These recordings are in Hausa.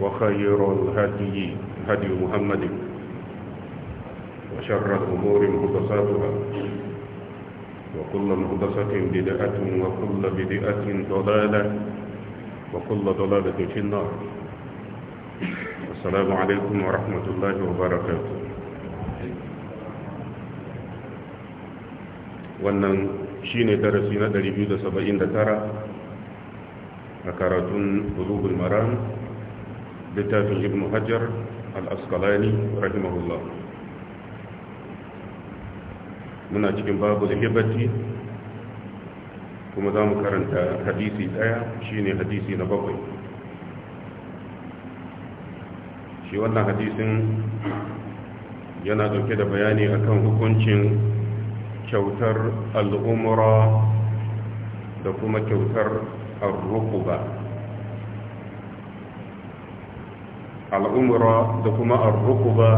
وخير الهدي هدي محمد وشر الأمور محدثاتها وكل محدثة بدعة وكل بدعة ضلالة وكل ضلالة في النار السلام عليكم ورحمة الله وبركاته wannan shine darasi na 279 a karatun قلوب maram littafin ibn hajjar al-asqalani rahimahullah muna cikin babu hibati kuma za mu karanta hadisi daya shine hadisi na bakwai shi wannan hadisin yana dauke da bayani akan hukuncin kyautar al'umura da kuma kyautar arruku ba al'umra da kuma ar-rukuba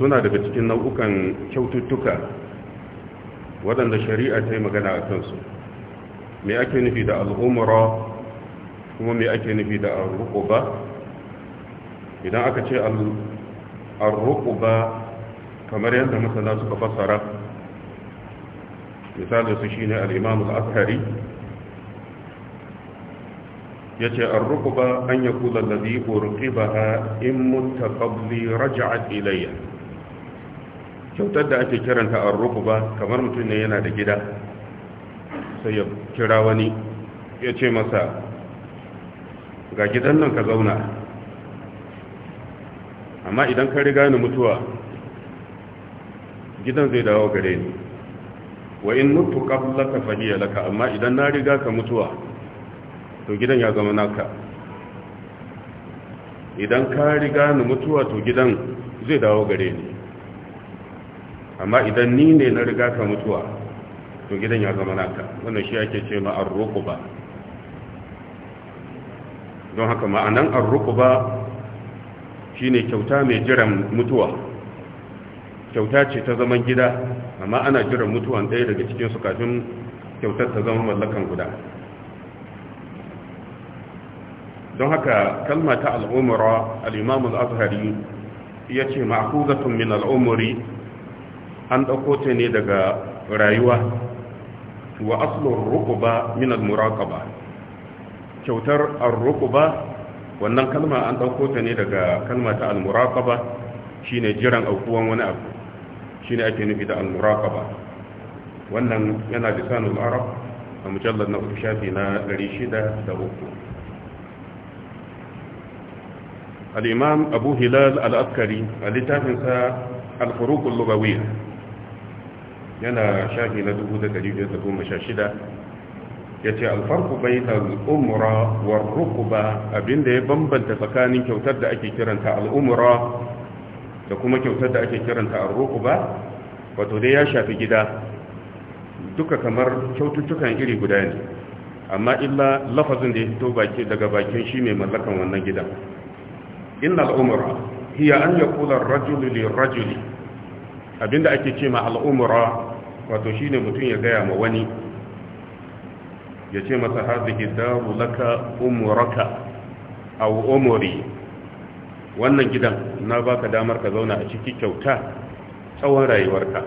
suna daga cikin nau'ukan kyaututtuka waɗanda shari'a ta yi magana a kansu mai ake nufi da al'umra kuma mai ake nufi da ar idan aka ce ar kamar yadda masana suka fassara misali su shine al-imam al yace ar-rukba an yakula ba urqibaha in muttaqabli raja'at ilayya kyautar da ake kiranta ar-rukba kamar mutum ne yana da gida sai ya kira wani ya ce masa ga gidan nan ka zauna amma idan ka riga ni mutuwa gidan zai dawo gare ni wa in mutu ka fahiya laka amma idan na riga ka mutuwa to gidan ya zama naka idan ka riga ni mutuwa to gidan zai dawo gare ni amma idan ni ne na riga ka mutuwa to gidan ya zama naka wannan shi ake ce ma arruquba don haka ma'anan arruquba shine kyauta mai jiran mutuwa kyauta ce ta zaman gida amma ana jiran mutuwan ɗaya daga cikin su kafin kyautar ta zama mallakan guda don haka kalma ta al'umura al'imam al'azhari ya ce ma'akuzatun min al'umuri an ɗauko ta ne daga rayuwa wa aslun rukuba min al-muraqaba kyautar ar-rukuba wannan kalma an ɗauko ta ne daga kalma ta al-muraqaba shine jiran aukuwan wani abu shine ake nufi da al-muraqaba wannan yana da lisanul arab a mujallar na uku shafi na 603 al'imam abu hilal al'askari a littafinsa alfarukun lugawiyya yana shafi na 1516 ya ce alfarku bai al'umura wa rukuba abinda ya bambanta tsakanin kyautar da ake kiranta al'umura da kuma kyautar da ake kiranta al wato dai ya shafi gida duka kamar kyaututtukan iri guda ne amma illa lafazin da ya fito daga bakin shi mai mallakan wannan gidan inna al'umura hiya an ya kula rajulu li rajuli abinda ake ce ma al'umura wato shine mutum ya gaya ma wani ya ce masa hazihi daru laka umuraka aw umuri wannan gidan na baka damar ka zauna a ciki kyauta tsawon rayuwarka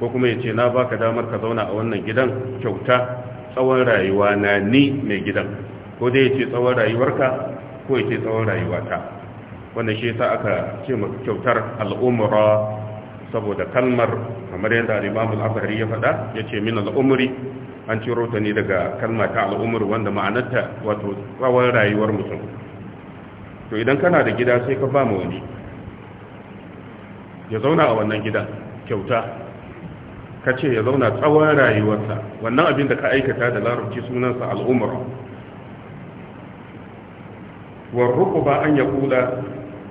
ko kuma ya ce na baka damar ka zauna a wannan gidan kyauta tsawon rayuwa ni mai gidan ko dai ya ce tsawon rayuwarka ko ya ce tsawon rayuwata wanda shi yasa aka ce maka kyautar al'umra saboda kalmar kamar yadda al-Imam al-Azhari ya ce min al an ciro ta ne daga kalma ta al'umur wanda ma'anarta wato tsawon rayuwar mutum to idan kana da gida sai ka ba ma wani ya zauna a wannan gida, kyauta ka ce ya zauna tsawon rayuwarsa wannan abin da ka aikata da larabci sunansa al'umur warruku ba an ya kula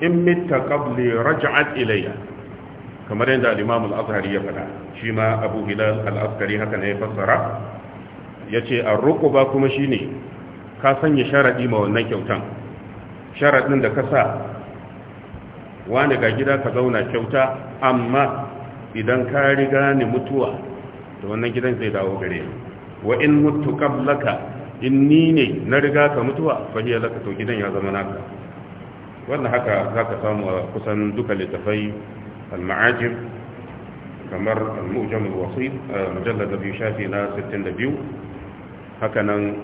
in mitta kabli raj'at ilayya kamar yadda al-imam al-azhari ya faɗa shi ma abu hilal al-azhari haka ne ya fassara yace ar-ruqba kuma shine ka sanya sharadi ma wannan kyautan sharadin da ka sa wani ga gida ka zauna kyauta amma idan ka riga ni mutuwa to wannan gidan zai dawo gare wa in mutu qablaka in ni ne na riga ka mutuwa fa hiya laka to gidan ya zama naka wannan haka za ka samu a kusan duka littafai al-ma'ajib kamar al-mu'jam al-wasit mujallad biyu shafi na 62 haka nan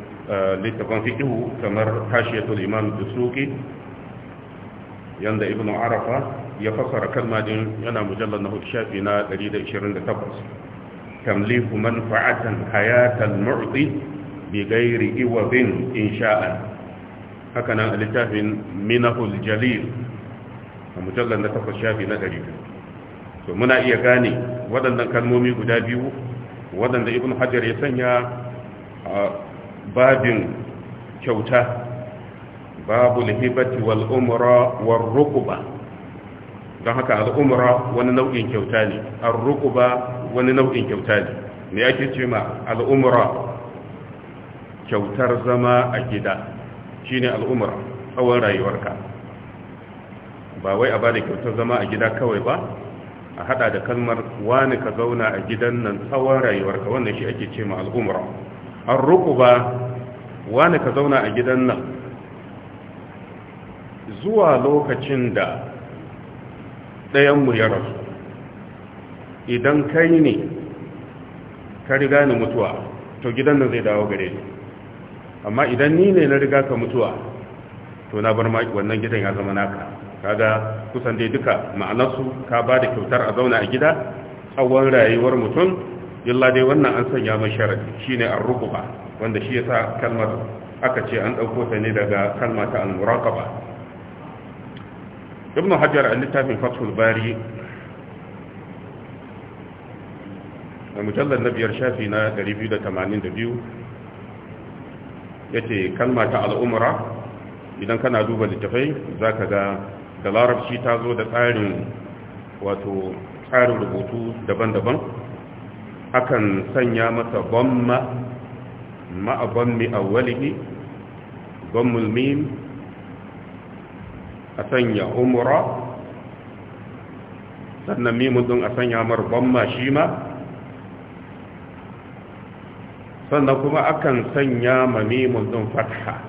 littafan fiqhu kamar hashiyatul imam dusuki yanda ibn arafa ya fasara kalmadin yana mujallar na hudu shafi na 128 tamliku manfa'atan hayatan mu'ti bi ghairi iwabin insha'an haka nan a littafin minahul jalil a mujallar na takwas shafi na ɗari to muna iya gane waɗannan kalmomi guda biyu waɗanda ibn hajar ya sanya a babin kyauta babu lahibati wal umra war rukuba don haka al umra wani nau'in kyauta ne al rukuba wani nau'in kyauta ne me ake ce ma al umra kyautar zama a gida shine al'umar tsawon rayuwarka ba wai a bada kyautar zama a gida kawai ba a hada da kalmar wani ka zauna a gidan nan tsawon rayuwarka wannan shi ake ce ma al'umra an ruku ba wani ka zauna a gidan nan zuwa lokacin da ɗayanmu ya rasu idan kai ne ka riga ni mutuwa to gidan nan zai dawo gare ni amma idan ni ne na riga ka mutuwa to na bar wannan gidan ya zama naka kaga kusan dai duka ma'anarsu ka ba da kyautar a zauna a gida tsawon rayuwar mutum illa dai wannan an sanya mai sharadi shine ar-ruqba wanda shi yasa kalmar aka ce an dauko ta ne daga kalma ta al-muraqaba ibn hajar al-littafin fathul bari a mujallar na biyar shafi na 282 Ya ce kalma ta al'umra idan kana duba littafai ka ga da larabci ta zo da tsarin wato tsarin rubutu daban-daban akan sanya masa bamma ma'a bammi awwalihi bammul mim a sanya umra sannan mimun a sanya mar gomma shi ma sannan kuma akan sanya mamimun din fatha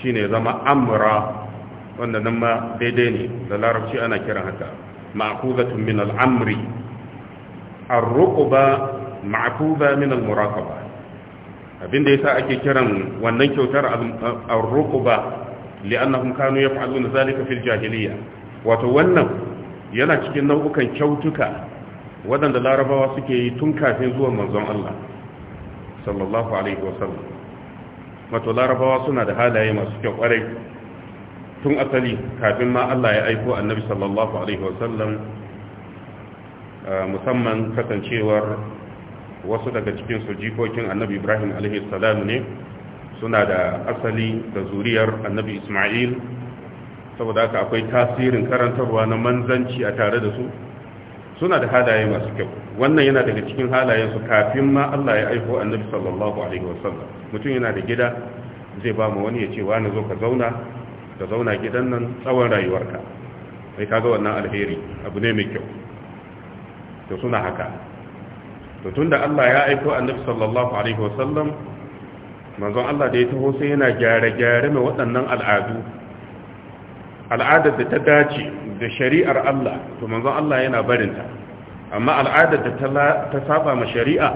shine zama amra wanda nan ma daidai ne da larabci ana kiran haka ma'khuzatun min al-amri ar-ruqba ma'khuza min al-muraqaba abinda yasa ake kiran wannan kyautar ar-ruqba li'annahum kanu yaf'aluna zalika fil jahiliyya wato wannan yana cikin nau'ukan kyautuka waɗanda larabawa suke yi tun kafin zuwan manzon Allah sallallahu alaihi wasallam wato larabawa suna da halaye masu kyau kwarai tun asali kafin ma Allah ya aiko annabi sallallahu alaihi wasallam musamman kasancewar wasu daga cikin su jikokin annabi Ibrahim alaihi salam ne suna da asali da zuriyar annabi Isma'il saboda haka akwai tasirin karantarwa na manzanci a tare da su suna da halaye masu kyau wannan yana daga cikin halayensu kafin ma Allah ya aiko annabi sallallahu alaihi wasallam mutum yana da gida zai ba mu wani ya ce wani zo ka zauna ka zauna gidan nan tsawon rayuwarka sai kaga wannan alheri abu ne mai kyau to suna haka to tunda Allah ya aiko annabi sallallahu alaihi wasallam manzon Allah da ya taho sai yana gyare-gyare mai waɗannan al'adu al'adar da ta dace da shari'ar Allah to manzon Allah yana barinta amma al'adar da ta saba ma shari'a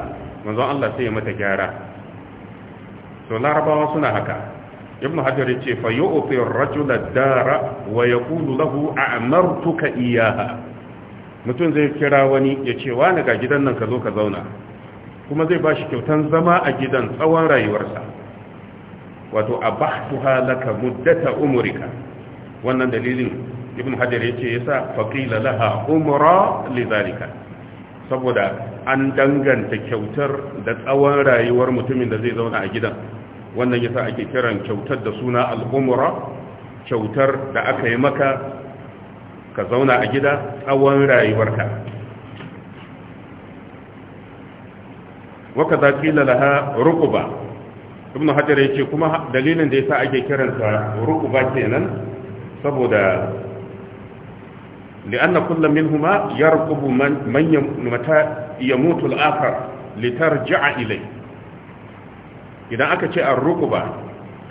manzon Allah sai ya mata gyara to larabawa suna haka ibn hajar ya ce fa yu'ti ar-rajula dara wa yaqulu lahu a'martuka iyaha mutum zai kira wani ya ce wani ga gidan nan ka zo ka zauna kuma zai bashi kyautan zama a gidan tsawon rayuwarsa wato abahtuha laka muddata umrika wannan dalilin ibn hajar yace yasa faqila laha umra lidhalika saboda an danganta kyautar da tsawon rayuwar mutumin da zai zauna a gidan wannan yasa ake kiran kyautar da suna al kyautar da aka yi maka ka zauna a gida tsawon rayuwarka waka za kila laha rukuba ibn ya yace kuma dalilin da yasa ake kiransa rukuba kenan saboda لأن كل منهما يركب من, من متى يموت الآخر لترجع إليه إذا أكتش الرقبة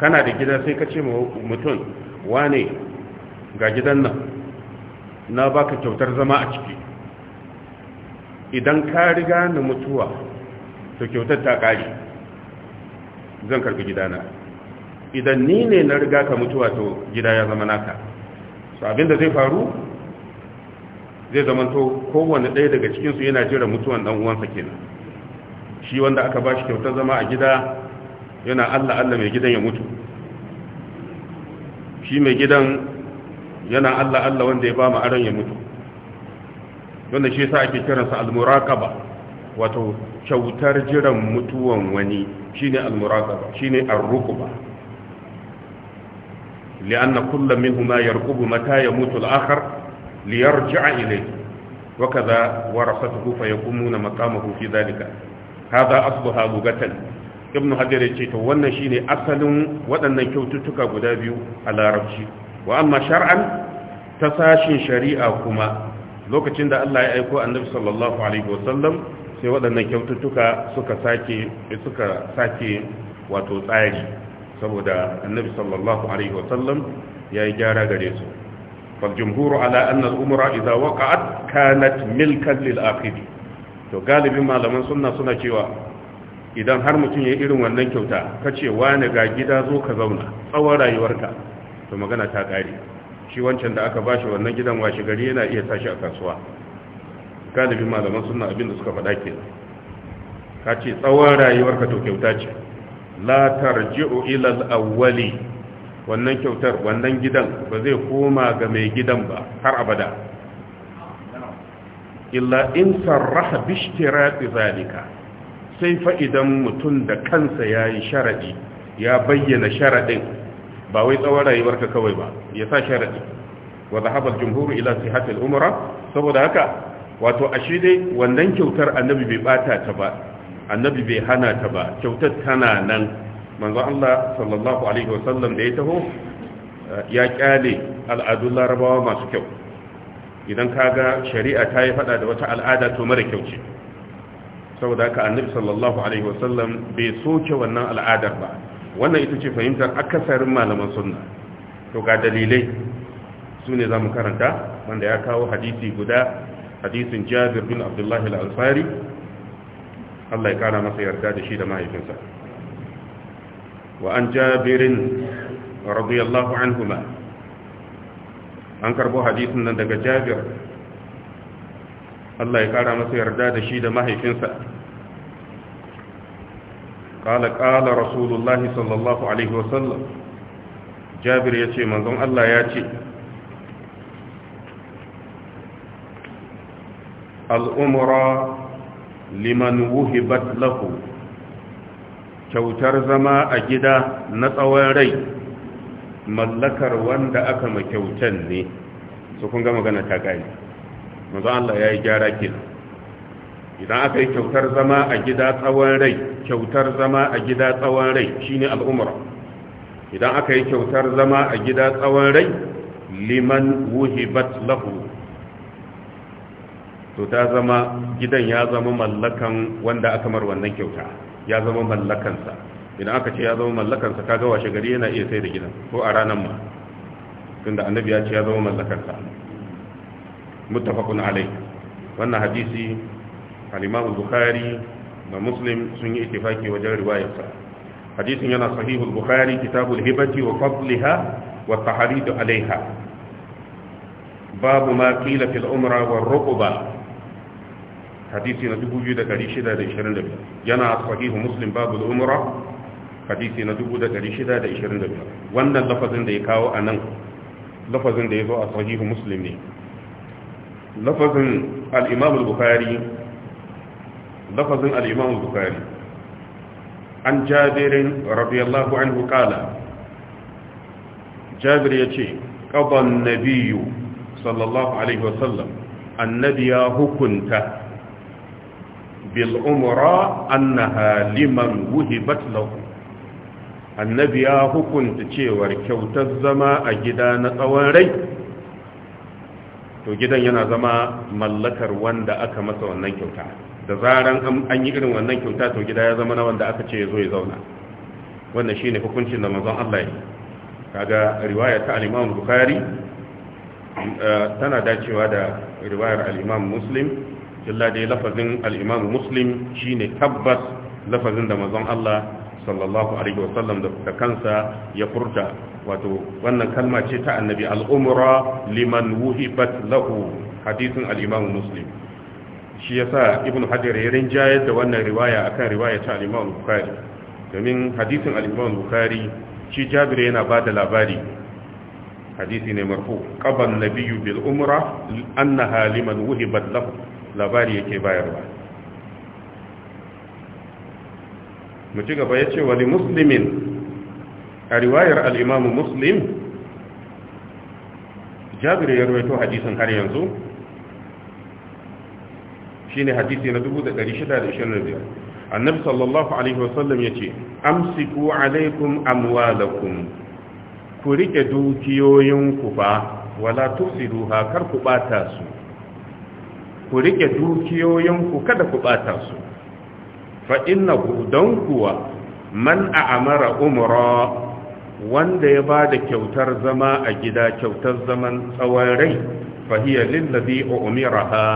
كان هذا جدا سيكتش متون واني قاجدنا ناباك توتر زماء أشكي idan ka riga ni mutuwa to kyautar ta ƙari zan karbi gidana idan ni ne na riga ka mutuwa to gida ya zama naka so abinda zai faru zai zamanto kowane ɗaya daga cikinsu yana jira mutuwan ɗan uwansa kenan shi wanda aka ba shi kyautar zama a gida yana allah allah mai gidan ya mutu shi mai gidan yana allah allah wanda ya ba mu aron ya mutu wanda shi yasa ake kiransa al-muraqaba wato kyautar jiran mutuwan wani shine al-muraqaba shine ar-ruqba li'anna min minhumma yarkubu mata ya mutu akhar liyarji'a ilayhi wa kaza ya fa yaqumuna maqamahu fi dhalika hadha asluha lugatan ibnu hajar yace to wannan shine asalin waɗannan kyaututtuka guda biyu a larabci wa amma shar'an ta sashin shari'a kuma lokacin da Allah ya aiko annabi sallallahu alaihi wasallam sai waɗannan kyaututtuka suka sake wato tsari saboda annabi sallallahu alaihi wasallam ya yi gyara gare su فالجمهور على أن الأمر إذا وقعت كانت ملكا للآخر to galibin malaman suna, suna cewa idan har mutum ya irin wannan kyauta ka ce wani ga gida zo ka zauna tsawon rayuwarka to magana ta ƙare shi wancan da aka bashi wannan gidan washe gari yana iya tashi a kasuwa galibin malaman suna abin da suka faɗa ke. ka ce tsawon rayuwarka to kyauta ce la tarji'u ilal al-awwali wannan kyautar wannan gidan ba zai koma ga mai gidan ba har abada illa in sarraha bishtirati zalika sai fa idan mutum da kansa ya yi sharaɗi ya bayyana sharaɗin. ba wai tsawon rayuwarka kawai ba ya sa sharaɗi. wa dhahaba al ila sihhati al saboda haka wato ashe dai wannan kyautar annabi bai bata ta ba annabi bai hana ta ba kyautar tana nan manzo Allah sallallahu alaihi wasallam da ya taho eh, ya kyale al'adun larabawa masu kyau idan kaga shari'a ta yi fada da wata al'ada to mara kyau ce saboda haka annabi sallallahu alaihi wasallam bai soke wannan al'adar ba wannan ita ce fahimtar akasarin malaman sunna to ga dalilai su ne za mu karanta wanda ya kawo hadisi guda hadisin jabir bin abdullahi al-ansari Allah ya kara masa yarda da shi da mahaifinsa وعن جابر رضي الله عنهما an karbo hadisin nan daga jabir Allah ya kara masa yarda da shi da mahaifinsa kala kala rasulullahi sallallahu alaihi wasallam jabir ya ce manzon Allah ya ce al'umura liman wuhibat lahu kyautar zama a gida na tsawon rai mallakar wanda aka makyautan ne su kun ga magana ta gani mazu Allah ya yi gyara gina idan aka yi kyautar zama a gida tsawon rai kyautar zama a gida tsawon rai ne al'umra idan aka yi kyautar zama a gida tsawon rai liman wuhibat lahu to ta zama gidan ya zama mallakan wanda aka mar wannan kyauta ya zama mallakansa idan aka ce ya zama mallakansa kaga washe gari yana iya sai da gidan ko a ranar ma tunda annabi ya ce ya zama mallakansa muttafaqun alai wannan hadisi al-Imam da Muslim sun yi itifaki wajen riwayarsa hadisin yana sahih al kitabul hibati wa fadliha wa tahrid alaiha babu ma qila fil umra war ruqba hadisi na 2625 yana sahihu muslim babu umra hadisi na 2625 wannan lafazin da ya kawo a nan lafazin da ya zo a sahihu muslim ne lafazin al bukhari an jabirin radiyallahu anhu kala jabir yace qada an-nabiyyu sallallahu alaihi wasallam annabi ya hukunta bil umra annaha liman wuhibat lahu annabi ya hukunta cewar kyautar zama a gida na tsawon rai to gidan yana zama mallakar wanda aka masa wannan kyauta da zaran an yi irin wannan kyauta to gida ya zama na wanda aka ce ya zo ya zauna wannan shine hukuncin da manzon Allah ya kaga riwaya ta al-Imam Bukhari eh, tana dacewa da riwayar al-Imam Muslim illa dai lafazin al-imam shi ne tabbas lafazin da mazan Allah sallallahu alaihi wasallam da kansa ya furta wato wannan kalma ce ta annabi al-umra liman wuhibat lahu hadisin al-imam muslim shi sa Ibn hajar ya rinjayar da wannan riwaya akan riwaya ta al-imam bukhari domin hadisin al-imam bukhari shi jabir yana bada labari hadisi ne marfu qaban nabiyyu bil umra annaha liman wuhibat lahu labari yake bayarwa mu ci gaba ya ce wani muslimin a riwayar al'imamu muslim Jabiru ya rubaito hadisin har yanzu Shi ne hadisi na 1625 annabi sallallahu alaihi wasallam ce. amsiku alaikum amwalakum ku rike dukiyoyinku ba, wala tufsiduha kar ku bata su ku rike dukiyoyinku kada ku bata su fa innahu don kuwa man a'amara umra wanda ya ba da kyautar zama a gida kyautar zaman tsawon rai fa hiya lillazi umiraha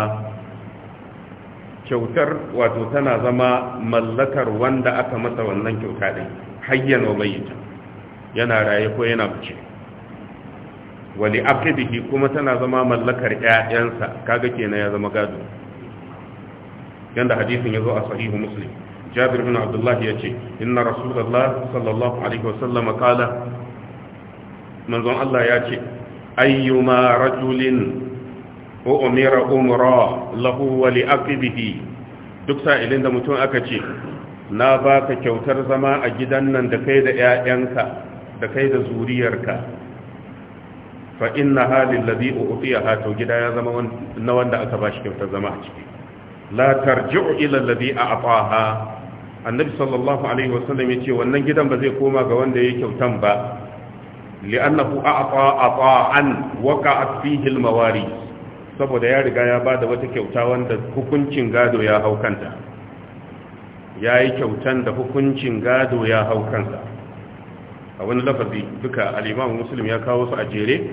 kyautar wato tana zama mallakar wanda aka masa wannan kyauta din hayyan wa yana raye ko yana bace wali aqidihi kuma tana zama mallakar ƴaƴansa kaga kenan ya zama gado yanda hadisin yazo a sahihu muslim jabir bin abdullah yace inna rasulullah sallallahu alaihi wasallam qala manzon Allah yace ayyuma rajulin umira umra lahu wa li aqibihi duk sa'ilin da mutum aka ce na baka kyautar zama a gidan nan da kai da ƴaƴanka da kai da zuriyarka fa inna halin ladhi u'tiyaha to gida ya zama na wanda aka shi kyautar zama a ciki la tarji'u ila a a'taha annabi sallallahu alaihi wasallam ce wannan gidan ba zai koma ga wanda yi kyautan ba li'annahu a'ta ata'an waqa'at fihi al-mawari saboda ya riga ya bada wata kyauta wanda hukuncin gado ya haukanta yayi kyautan da hukuncin gado ya haukanta a wani lafazi duka al-imam ya kawo su a jere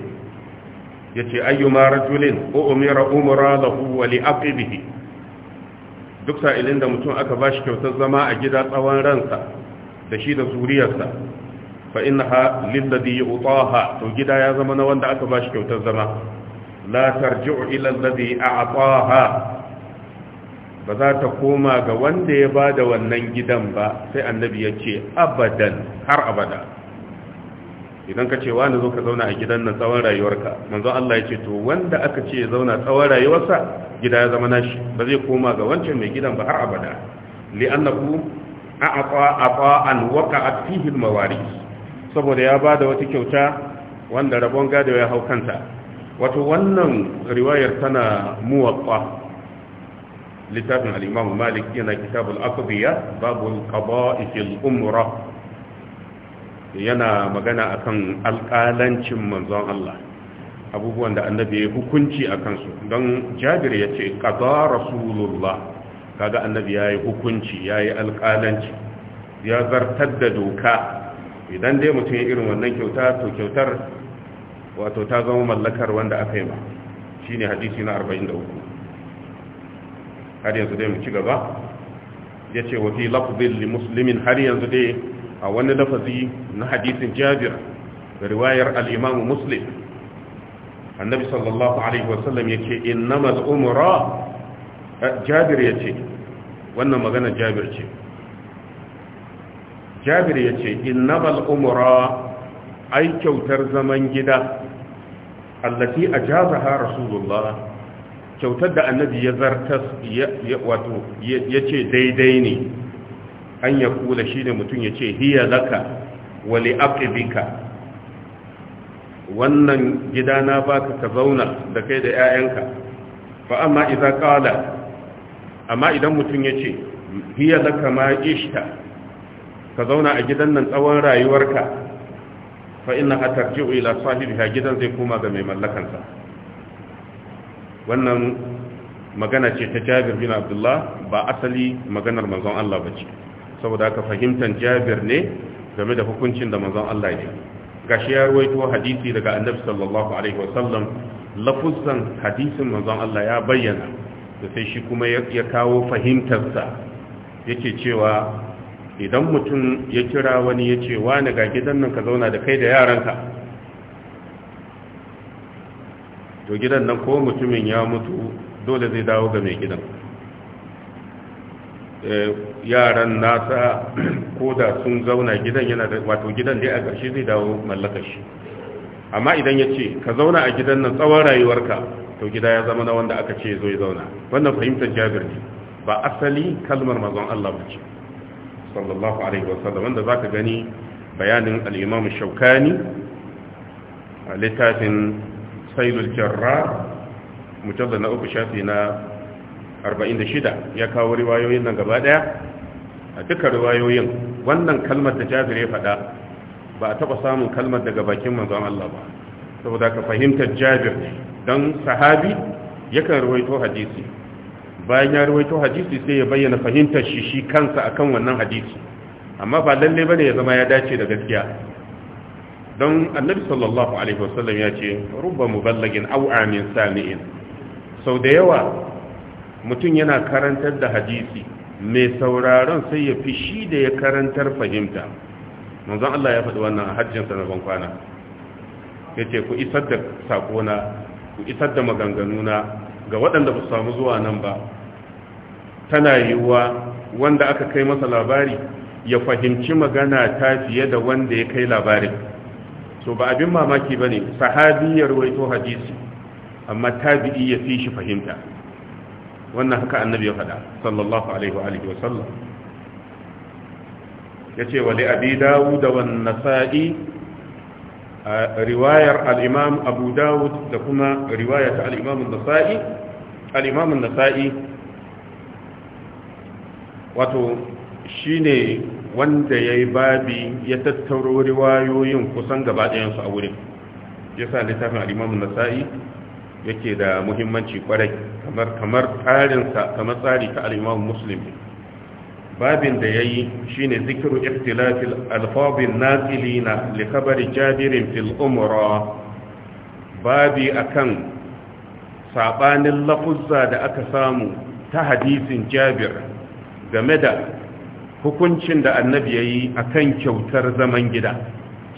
yace ayyuma rajulin umira umra lahu wa li duk sa'ilin da mutum aka bashi kyautar zama a gida tsawon ransa da shi da zuriyarsa fa innaha lilladhi yu'taha to gida ya zama na wanda aka shi kyautar zama la tarji'u ila alladhi a'taha ba za ta koma ga wanda ya ba da wannan gidan ba sai annabi ya ce abadan har abada idan ka ce wani zo ka zauna a gidan nan tsawon rayuwarka manzo Allah ya ce to wanda aka ce ya zauna tsawon rayuwarsa gida ya zama nashi ba zai koma ga wancan mai gidan ba har abada li'annahu a'ata an waqa'at fihi al saboda ya bada wata kyauta wanda rabon gado ya hau kanta wato wannan riwayar tana muwaqqa littafin al-Imam Malik yana kitabul aqdiya babul qada'i fil umrah yana magana akan alƙalancin manzon Allah abubuwan da annabi ya hukunci a kansu don jabir ya ce ƙaza rasulullah kaga annabi ya yi hukunci ya yi alƙalanci ya zartar da doka idan dai mutum ya irin wannan kyauta to kyautar wato ta zama mallakar wanda aka yi ba shi ne hadisi na 43 har yanzu dai mu ci gaba ya ce wafi lafubin li musulmin har yanzu dai a wani lafazi na hadisin jabir da riwayar al'imamu muslim annabi sallallahu alaihi wasallam ya ce innamal umra eh, jabir ya ce wannan magana jabir ce jabir ya ce innamal umra ai kyautar zaman gida allati ajazaha rasulullah kyautar da annabi ya zartas wato ya ce daidai ne an ya kula shi ne mutum ya ce hiya laka wali aqibika wannan gida na baka ka zauna da kai da 'ya'yanka fa amma idza qala amma idan mutum ya ce hiya laka ma ishta ka zauna a gidan nan tsawon rayuwarka fa inna hatarji'u ila sahibiha gidan zai koma ga mai mallakansa wannan magana ce ta Jabir bin Abdullah ba asali maganar manzon Allah bace saboda haka fahimtar jabir ne game da hukuncin da manzon Allah ya gashi ya ruwaito hadisi daga annabi sallallahu alaihi wasallam lafuzan hadisin manzon Allah ya bayyana da sai shi kuma ya kawo fahimtarsa yake cewa idan mutum ya kira wani ya ce wani ga gidan nan ka zauna da kai da yaranka to gidan nan ko mutumin ya mutu dole zai dawo ga mai gidan Eh, yaran nasa ko da sun zauna gidan yana da wato gidan dai a ƙarshe zai dawo mallaka shi amma idan ya ce ka zauna a gidan nan tsawon rayuwarka to gida ya zama na wanda aka ce zo ya zauna wannan fahimtar jabir ne ba asali kalmar mazan Allah ba ce sallallahu alaihi wasallam wanda zaka gani bayanin al-imam shaukani a littafin sailul jarrar mujallad na uku shafi na 46 ya kawo riwayoyin nan gaba daya a duka riwayoyin wannan kalmar da jabir ya faɗa ba a taɓa samun kalmar daga bakin manzon Allah ba saboda ka fahimtar jabir don sahabi yakan ruwaito hadisi bayan ya ruwaito hadisi sai ya bayyana fahimtar shi shi kansa akan wannan hadisi amma ba lalle bane ya zama ya dace da gaskiya don annabi sallallahu alaihi wasallam ya ce rubba muballagin au'amin amin sami'in sau da yawa mutum yana karantar da hadisi mai sauraron sai ya fi shi da ya karantar fahimta manzan Allah ya faɗi wannan a hajjinsa na bankwana ya ce ku isar da saƙona ku isar da maganganuna ga waɗanda ba samu zuwa nan ba tana yiwuwa wanda aka kai masa labari ya fahimci magana ta fiye da wanda ya kai labarin so ba abin mamaki ba ne sahabi ya ruwaito hadisi amma tabi'i ya fi shi fahimta wannan haka annabi ya faɗa sallallahu alaihi wa alihi wa sallam yace wa li abi dawud wa an-nasa'i riwayar al-imam abu dawud da kuma riwayar al-imam an-nasa'i al-imam an-nasa'i wato shine wanda yayi babi ya tattauro riwayoyin kusan gaba ɗayan su a wurin yasa littafin al-imam an-nasa'i yake da muhimmanci kwarai kamar kamar tsarinsa kamar tsari ta al'imam muslim babin da ya yi shi ne zikiru iftilafil alfabin nazilina likabari jabirin fil umara babi akan sabanin lafuzza da aka samu ta hadisin jabir game da hukuncin da annabi yayi yi akan kyautar zaman gida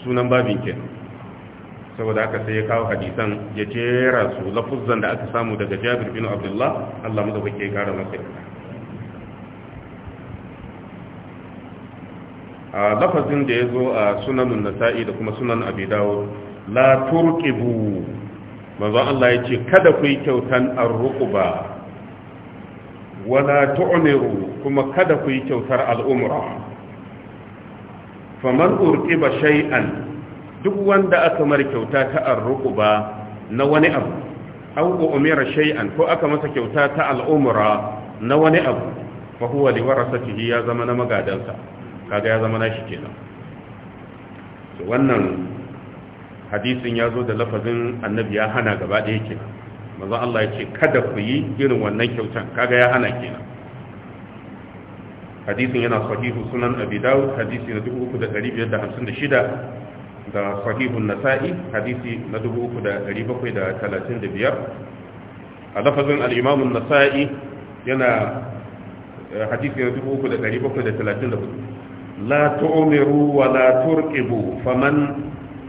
sunan babin kenan saboda aka sai ya kawo hadisan ya jera su lafuzan da aka samu daga jabir bin abdullah Allah mu da bake gara masa a lafazin da ya zo a sunanun nasa'i da kuma sunan abi dawud la turqibu manzo Allah ya ce kada ku yi kyautan arruquba wala tu'miru kuma kada ku yi kyautar al'umra faman urqiba shay'an duk wanda aka mar kyauta ta arruku ba na wani abu an umira shay'an ko aka masa kyauta ta al'umra na wani abu fa huwa li warasatihi ya zama na magadansa kaga ya zama nashi kenan to wannan hadisin ya zo da lafazin annabi ya hana gaba ɗaya kenan manzo Allah ya ce kada ku yi irin wannan kyautan kaga ya hana kenan hadisin yana sahihu sunan abi daud hadisi na 3556 da sahihun nasa'i hadisi na 3735 a lafazin al'imamun nasa'i yana eh, hadisi na 3734 la tu'miru wa la turqibu faman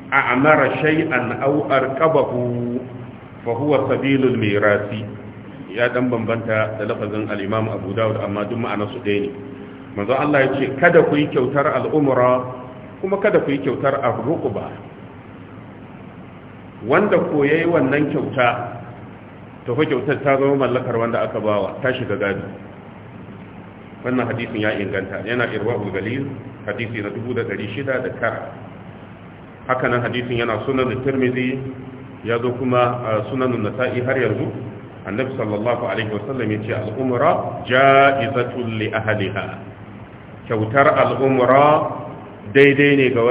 a'mara shay'an aw kabahu, fa huwa sabilul mirasi ya dan bambanta da lafazin al Abu Dawud amma duk ma'anar su ɗaya ne manzo Allah ya ce kada ku yi kyautar al'umra kuma kada ku yi kyautar arruku ba wanda koya wannan kyauta ta fa kyautar ta zama mallakar wanda aka bawa ta shiga gadi wannan hadisin ya inganta yana irwaul galil hadisi na da haka Hakanan hadisin yana sunan turmizi. ya zo kuma sunan nasa'i har yanzu annabi sallallahu alaihi wasallam yace al-umra ja'izatul li ahliha kyautar al'umra daidai ne ga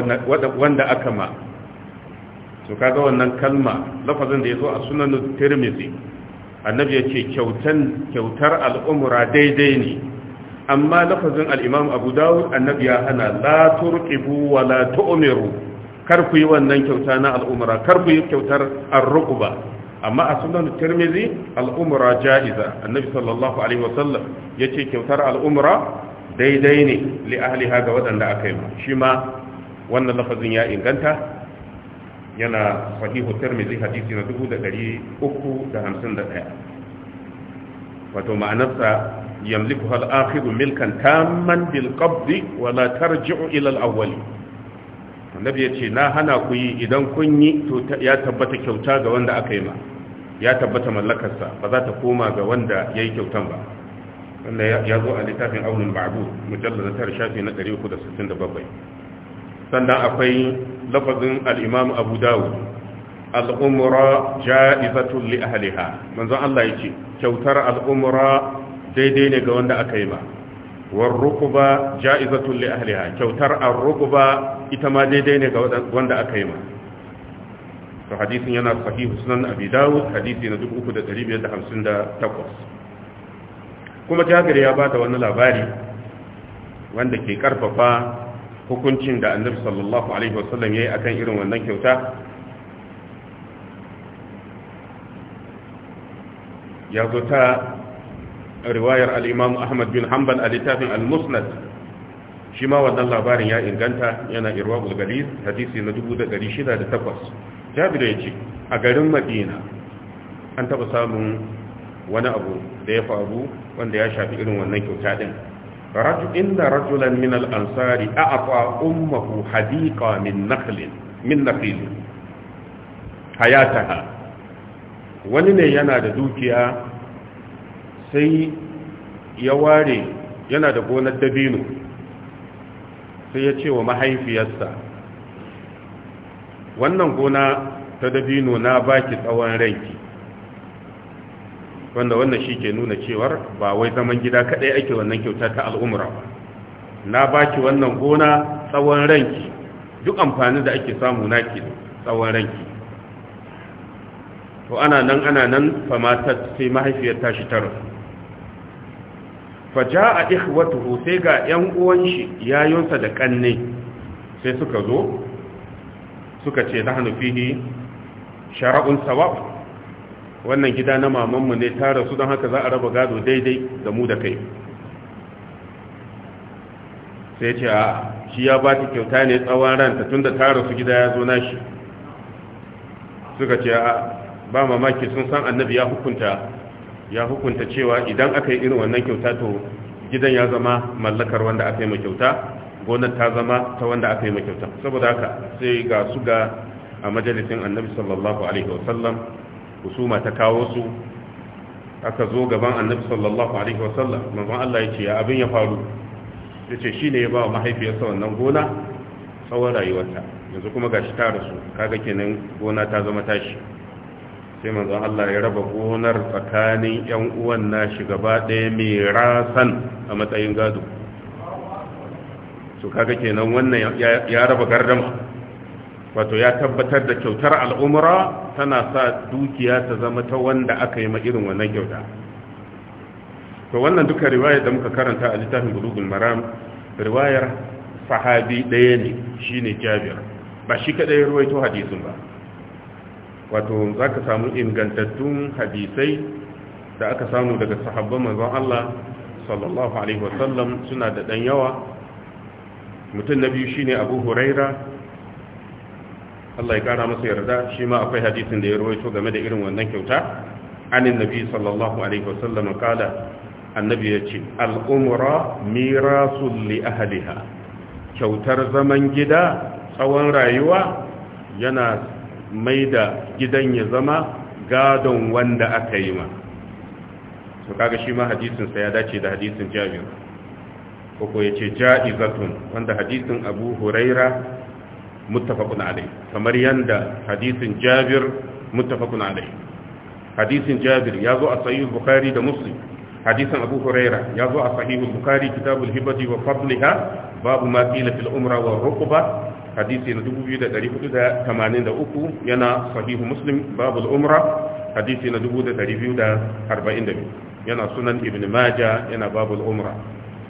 wanda aka ma su kaga wannan kalma lafazin da ya zo a sunan tirmizi annabi ya ce kyautar al'umura daidai ne amma lafazin al'imam abu dawud annabi ya hana la turqibu wa la tu'miru kar ku yi wannan kyauta na al'umura kar ku yi kyautar ar amma a sunan tirmizi al'umura ja'iza annabi sallallahu alaihi wasallam kyautar al'umura daidai ne li ga waɗanda aka yi ma shi ma wannan lafazin ya inganta yana sahihu tirmidhi hadisi na 351 wato ma'anarsa yamliku hal akhiru milkan tamman bil qabdi wa tarji'u ila al awwal ya yace na hana ku yi idan kun yi ya tabbata kyauta ga wanda aka yi ma ya tabbata mallakarsa ba za ta koma ga wanda yayi kyautan ba wanda ya zo a littafin aunin ma'abu mujallar tara shafi na 367 sannan akwai lafazin al'imamu abu dawud al'umura ja'izatun li ahliha manzon Allah ya ce kyautar al'umura daidai ne ga wanda aka yi ma warrukuba ja'izatun li ahliha kyautar arrukuba ita ma daidai ne ga wanda aka yi ma to hadisin yana sahihu sunan abu dawud hadisi na 3558 kuma jabir ya bada wani labari wanda ke karfafa hukuncin da annabi sallallahu alaihi wasallam yayi akan irin wannan kyauta ya zo ta riwayar al-imam ahmad bin hanbal a littafin al-musnad shi ma wannan labarin ya inganta yana irwa bulgaris hadisi na 1608 jabir ya ce a garin madina an taba samun wani abu da ya faru wanda ya shafi irin wannan kyauta din rajul inda rajulan min al-ansari a'ata ummuhu hadiqa min nakhl min nakhil hayataha wani ne yana da dukiya sai ya ware yana da gonar dabino sai ya ce wa mahaifiyarsa wannan gona ta dabino na baki tsawon ranki wanda wannan shi ke nuna cewar ba wai zaman gida kaɗai ake wannan kyauta ta al'umra ba na baki wannan gona tsawon ranki duk amfani da ake samu naki tsawon ranki to ana nan ana nan famatar sai mahaifiyar tashi tara. faja a wata sai ga ‘yan uwanshi yayonsa da ƙanne sai suka zo suka ce na hannufihi shara'un sawa'u wannan gida na mamanmu ne ta rasu don haka za a raba gado daidai da mu da kai sai ce a shi ya ba ta kyauta ne tsawon ranta tun da ta rasu gida ya zo nashi suka ce a ba mamaki sun san annabi ya hukunta ya hukunta cewa idan aka yi irin wannan kyauta to gidan ya zama mallakar wanda aka yi kyauta gonar ta zama ta wanda aka yi kyauta saboda haka sai ga su ga a majalisin annabi sallallahu alaihi wasallam husuma ta kawo su aka zo gaban annabi sallallahu alaihi wasallam manzon Allah ya ce ya abin ya faru ya ce shi ne ya ba wa mahaifiyarsa wannan gona tsawon rayuwarta yanzu kuma gashi ta rasu kaga kenan gona ta zama tashi sai manzon Allah ya raba gonar tsakanin yan uwan nashi gaba ɗaya mai rasan a matsayin gado su kaga kenan wannan ya raba gardama wato ya tabbatar da kyautar al'umra tana sa dukiya ta zama ta wanda aka yi irin wannan kyauta to wannan duka riwayar da muka karanta a littafin gudugun maram riwayar sahabi ɗaya ne shine jabir ba shi kadai ruwaito hadisin ba wato za ka samu ingantattun hadisai da aka samu daga sahabban manzon Allah sallallahu alaihi wasallam suna da ɗan yawa mutum na biyu shine abu huraira Allah ya kara masa yarda shi ma akwai hadisin da ya rawaito game da irin wannan kyauta anin nabi sallallahu alaihi wasallam kala annabi ya ce al'umra mirasul li ahliha kyautar zaman gida tsawon rayuwa yana mai da gidan ya zama gadon wanda aka yi ma su kaga shi ma hadisinsa ya dace da hadisin jabir koko ya ce ja'izatun wanda hadisin abu huraira muttafaqun alayh kamar yanda hadisin Jabir muttafaqun alayh hadisin Jabir ya zo a sahih Bukhari da Muslim hadisin Abu Huraira ya zo a sahih Bukhari kitabul hibati wa fadliha babu ma qila fil umra wa ruqba hadisi na 2483 yana sahih Muslim babul umra hadisi na 2242 yana sunan Ibn Maja, yana babul umra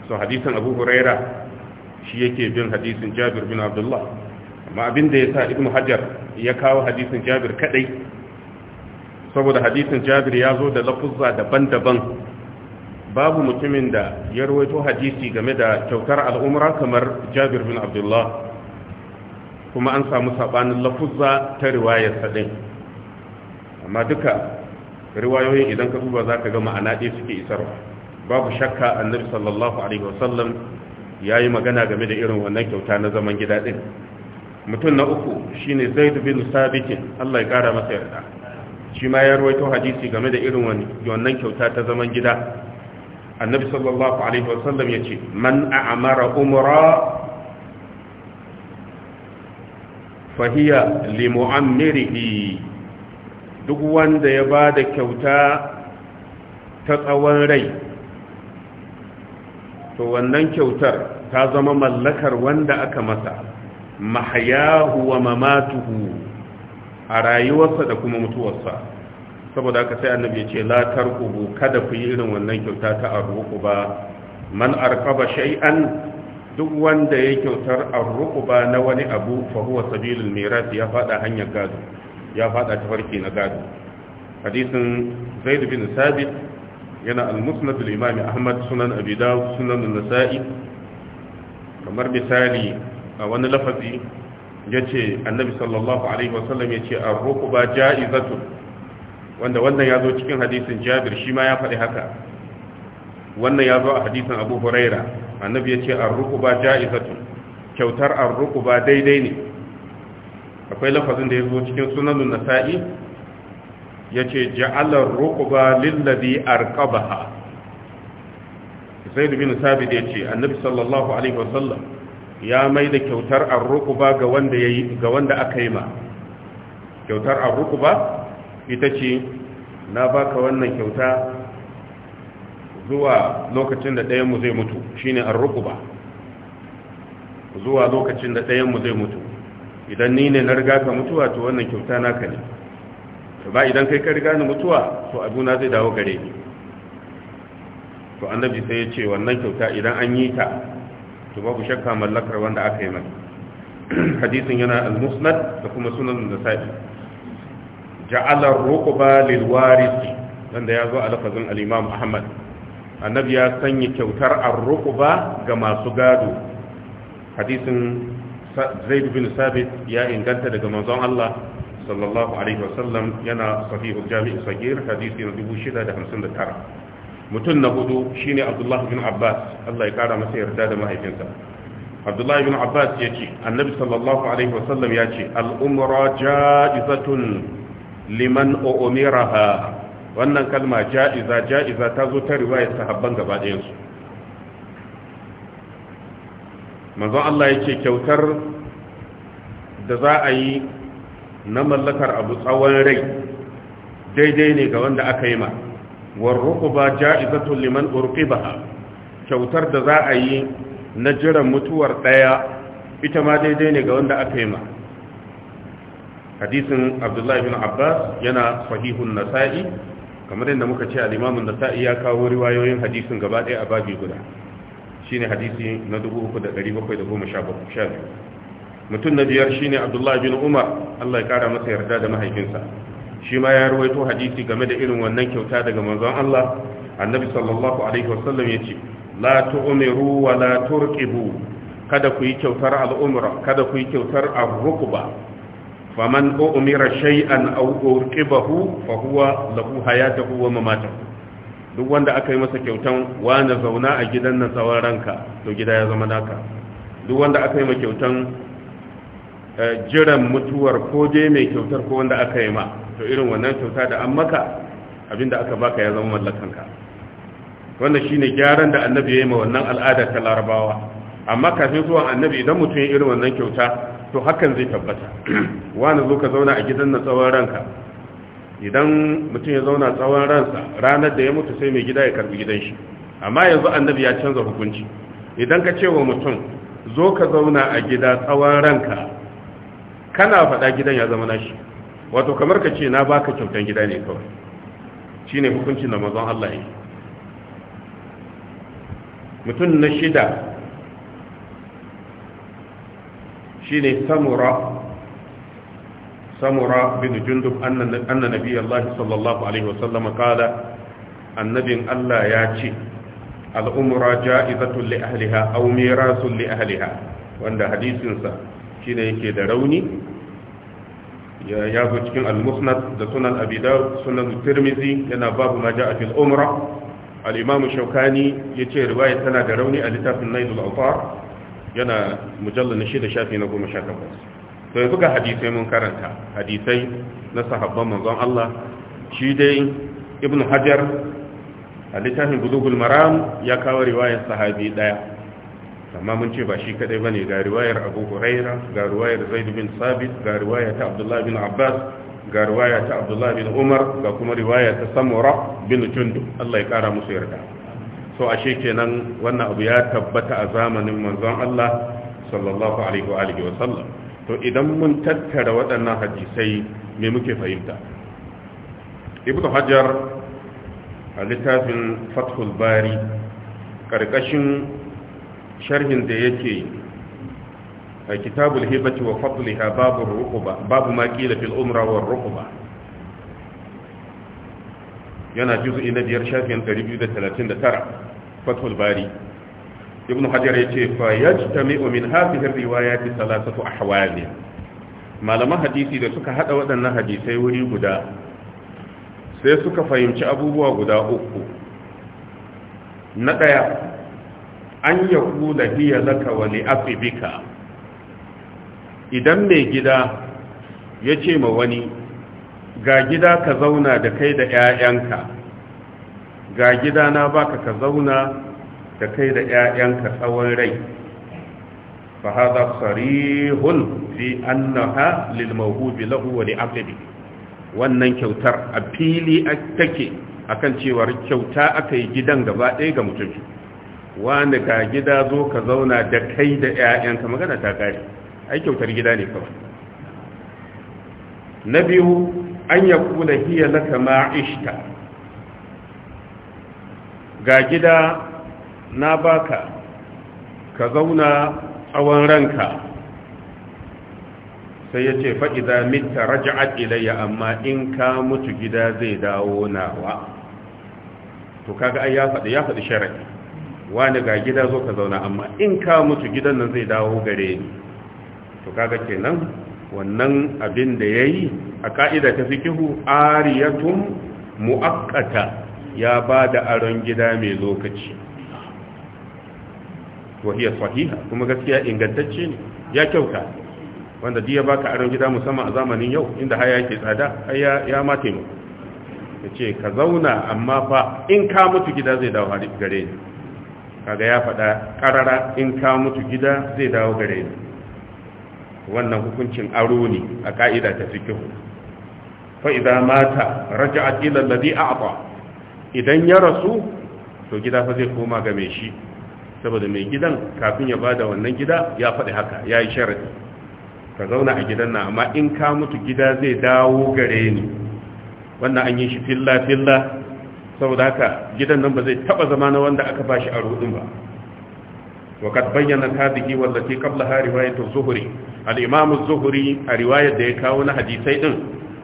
so hadisin Abu Huraira shi yake bin hadisin Jabir bin Abdullah ma abin da ya sa ibn hajar ya kawo hadisin jabir kadai saboda hadisin jabir ya zo da lafuzza daban-daban babu mutumin da ya rawaito hadisi game da kyautar al'umma kamar jabir bin abdullah kuma an samu sabanin lafuzza ta riwayar din. amma duka riwayoyin idan ka duba za ka ga ma'ana ɗaya suke isar, babu shakka annabi sallallahu alaihi wasallam ya yi magana game da irin wannan kyauta na zaman gida ɗin mutum na uku shine zaid bin sabit Allah ya kara masa yarda shi ma ya rawaito hadisi game da irin wannan kyauta ta zaman gida annabi sallallahu alaihi wasallam yace man a'mara umra fahiya li mu'ammirihi duk wanda ya ba da kyauta ta tsawon rai to wannan kyautar ta zama mallakar wanda aka masa mahayahu wa mamatuhu a rayuwarsa da kuma mutuwarsa saboda haka sai annabi ya ce la tarkubu kada ku yi irin wannan kyauta ta arruku ba man arqaba shay'an duk wanda ya kyautar arruku ba na wani abu fa huwa sabilul miras ya fada hanyar gado ya fada tafarki na gado hadisin zaid bin sabit yana al-musnad al-imam ahmad sunan abi dawud sunan an-nasa'i kamar misali a wani lafazi ya ce annabi sallallahu alaihi wasallam ya ce an roku ba jaizatu. wanda wannan ya zo cikin hadisin jabir shi ma ya faɗi haka wannan ya zo a hadisin abu huraira annabi ya ce an roku ba jaizatu. kyautar an roku ba daidai ne akwai lafazin da ya zo cikin sunanun nasa'i ya ce ja'alar roku ba lillazi arqabaha zaid bin sabit ya ce annabi sallallahu alaihi wasallam ya mai da kyautar arrukuba ga wanda yayi ga wanda aka yi ma kyautar arrukuba ita ce na baka wannan kyauta zuwa lokacin da ɗayan mu zai mutu shine arrukuba zuwa lokacin da ɗayan mu zai mutu idan ni ne na riga ka mutuwa to wannan kyauta naka ne ba idan kai ka riga ni mutuwa to abuna zai dawo gare ni to annabi sai ya ce wannan kyauta idan an yi ta to babu shakka mallakar wanda aka yi mai hadisin yana al-musnad da kuma sunan nasa'i ja'ala ar-ruqba lil wanda ya zo a lafazin al-imam ahmad annabi ya sanya kyautar ar-ruqba ga masu gado hadisin zaid bin sabit ya inganta daga manzon Allah sallallahu alaihi wasallam yana sahihul jami'i sagir hadisi na mutum na hudu shine Abdullahi bin abbas Allah ya kara masa yarda da mahaifinsa Abdullahi bin abbas ya ce annabi sallallahu alaihi wasallam ya ce al'umra ja'izatun liman umiraha wannan kalma ja'iza ja'iza ta zo ta riwayar sahabban gaba ɗayansu manzon Allah ya ce kyautar da za a yi na mallakar abu tsawon rai daidai ne ga wanda aka yi ma warruquba ja'izatun liman urqibaha kyautar da za a yi na jiran mutuwar ɗaya. ita ma daidai ne ga wanda aka yi ma hadisin abdullahi bin abbas yana sahihun nasa'i kamar yadda muka ce al-imamun nasa'i ya kawo riwayoyin hadisin gaba daya a babi guda shine hadisi na 3717 mutum na biyar shine abdullahi bin umar Allah ya kara masa yarda da mahaifinsa shi ma ya ruwaito hadisi game da irin wannan kyauta daga manzon Allah annabi sallallahu alaihi wasallam yace la tu'miru wa la turqibu kada ku yi kyautar al'umra kada ku yi kyautar ar-rukba faman umira shay'an aw urqibahu fa huwa lahu hayatuhu wa mamatuhu duk wanda aka yi masa kyautan wani zauna a gidan na tsawon ranka to gida ya zama naka duk wanda aka yi ma kyautan eh, jiran mutuwar ko dai mai kyautar ko wanda aka yi ma to irin wannan kyauta da an maka abinda aka baka ya zama mallakanka wannan shine gyaran da annabi ya yi ma wannan al'ada ta larabawa amma kafin zuwan annabi idan mutum ya irin wannan kyauta to hakan zai tabbata wani zo ka zauna a gidan na tsawon ranka idan mutum ya zauna tsawon ransa ranar da ya mutu sai mai gida ya karbi gidan shi amma yanzu annabi ya canza hukunci idan ka ce wa mutum zo ka zauna a gida tsawon ranka kana faɗa gidan ya zama nashi wato kamar ka ce na baka kyautan gida ne kawai shine hukuncin da mazan Allah yi mutum na shida shine samura samura bin jundub anna nabi Allah sallallahu alaihi wasallam kala annabin Allah ya ce al'umura ja'izatun li ahliha aw mirasun li ahliha wanda hadisinsa shine yake da rauni ya zo cikin al-musnad da sunan Abida, sunan tirmizi yana babu ma ja'a fil umra al-imam shaukani yace riwaya tana da rauni a littafin al awtar yana mujallal shida shafi na takwas. to yanzu ga hadisai mun karanta hadisai na sahabban manzon Allah shi dai ibnu hajar a littafin bulughul maram ya kawo riwayar sahabi daya amma mun ce ba shi kadai bane ga riwayar Abu Huraira ga riwayar Zaid bin Sabit ga riwaya ta Abdullah bin Abbas ga riwaya ta Abdullah bin Umar ga kuma riwaya ta Samura bin Jundub Allah ya kara musu yarda so ashe kenan wannan abu ya tabbata a zamanin manzon Allah sallallahu alaihi wa alihi wa sallam to idan mun tattara waɗannan hadisai me muke fahimta ibnu hajar a littafin fathul bari karkashin sharhin da yake kitabul hibati wa fadliha babu ruquba babu ma qila fil umra wa ruquba yana juz'i na biyar shafin 239 fathul bari ibn hajar yace fa yajtami'u min hadhihi riwayati thalathatu ahwali malaman hadisi da suka hada waɗannan hadisai wuri guda sai suka fahimci abubuwa guda uku na ɗaya an ya kula hiya zaka wani afibika idan mai gida ya ce ma wani ga gida ka zauna da kai da 'ya'yanka ga gida na baka ka zauna da kai da 'ya'yanka tsawon rai fa hadha sarihun fi annaha lil mawhubi lahu wa li'aqibi wannan kyautar a fili take akan cewa kyauta aka yi gidan gaba ɗaya ga mutum wani ga gida zo ka zauna da kai da 'ya'yanka magana ta kare ai kyautar gida ne kawai na biyu an ya kula hiya laka ishta ga gida na baka ka zauna tsawon ranka sai ya ce fa'iza mita raja'at ilayya amma in ka mutu gida zai dawo nawa to kaga ai ya faɗi ya faɗi sharaɗi wani ga gida zo ka zauna amma in ka mutu gidan nan zai dawo gare ni to kaga kenan wannan abin da yayi a ka'ida ta fikihu ariyatun muakkata ya ba aron gida mai lokaci hiya sahiha kuma gaskiya ingantacce ne ya kyauta wanda diya baka aron gida musamman a zamanin yau inda haya yake tsada haya ya mate mu ya ce ka zauna amma fa in ka mutu gida zai dawo gare ni kaga ya faɗa ƙarara in ka mutu gida zai dawo gare ni wannan hukuncin aro ne a ka'ida ta fikihu fa idza mata raja'a ila alladhi a'ta idan ya rasu to gida fa zai koma ga mai shi saboda mai gidan kafin ya bada wannan gida ya faɗi haka ya yi sharadi ka zauna a gidan nan amma in ka mutu gida zai dawo gare ni wannan an yi shi filla filla saboda haka gidan nan ba zai taba zama na wanda aka bashi a rudin ba وقد بينت هذه والتي قبلها رواية الزهري الإمام الزهري رواية ديكاونا حديثي دن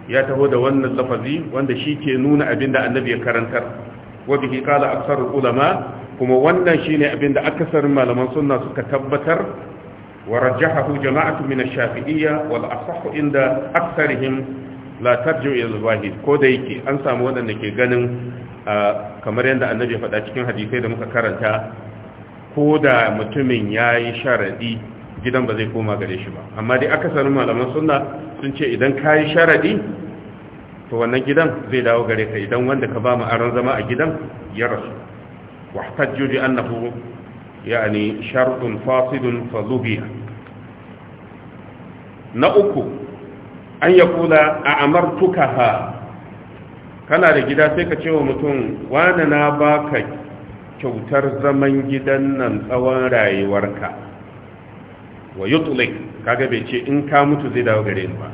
ياتهو دا ون اللفظي وان دا شيكي نون أبن دا النبي كرنكر وبه قال أكثر العلماء كما ون شيني أبن دا أكثر ما لمن سنة كتبتر ورجحه جماعة من الشافعية والأصح عند أكثرهم لا ترجع إلى الواحد كوديكي أنسى مودا نكي غنم kamar yadda annabi ya faɗa cikin hadisai da muka karanta ko da mutumin ya yi sharaɗi gidan ba zai koma gare shi ba amma dai aka sanu malaman suna sun ce idan ka yi sharaɗi to wannan gidan zai dawo gare ka idan wanda ka ba mu aron zama a gidan ya rasu wahtajju bi annahu yani shartun fasidun fa na uku an yakula a ha. kana da gida sai ka ce wa mutum wane na ba ka kyautar zaman gidan nan tsawon rayuwarka wa yutulik kaga bai ce in ka mutu zai dawo gare ni ba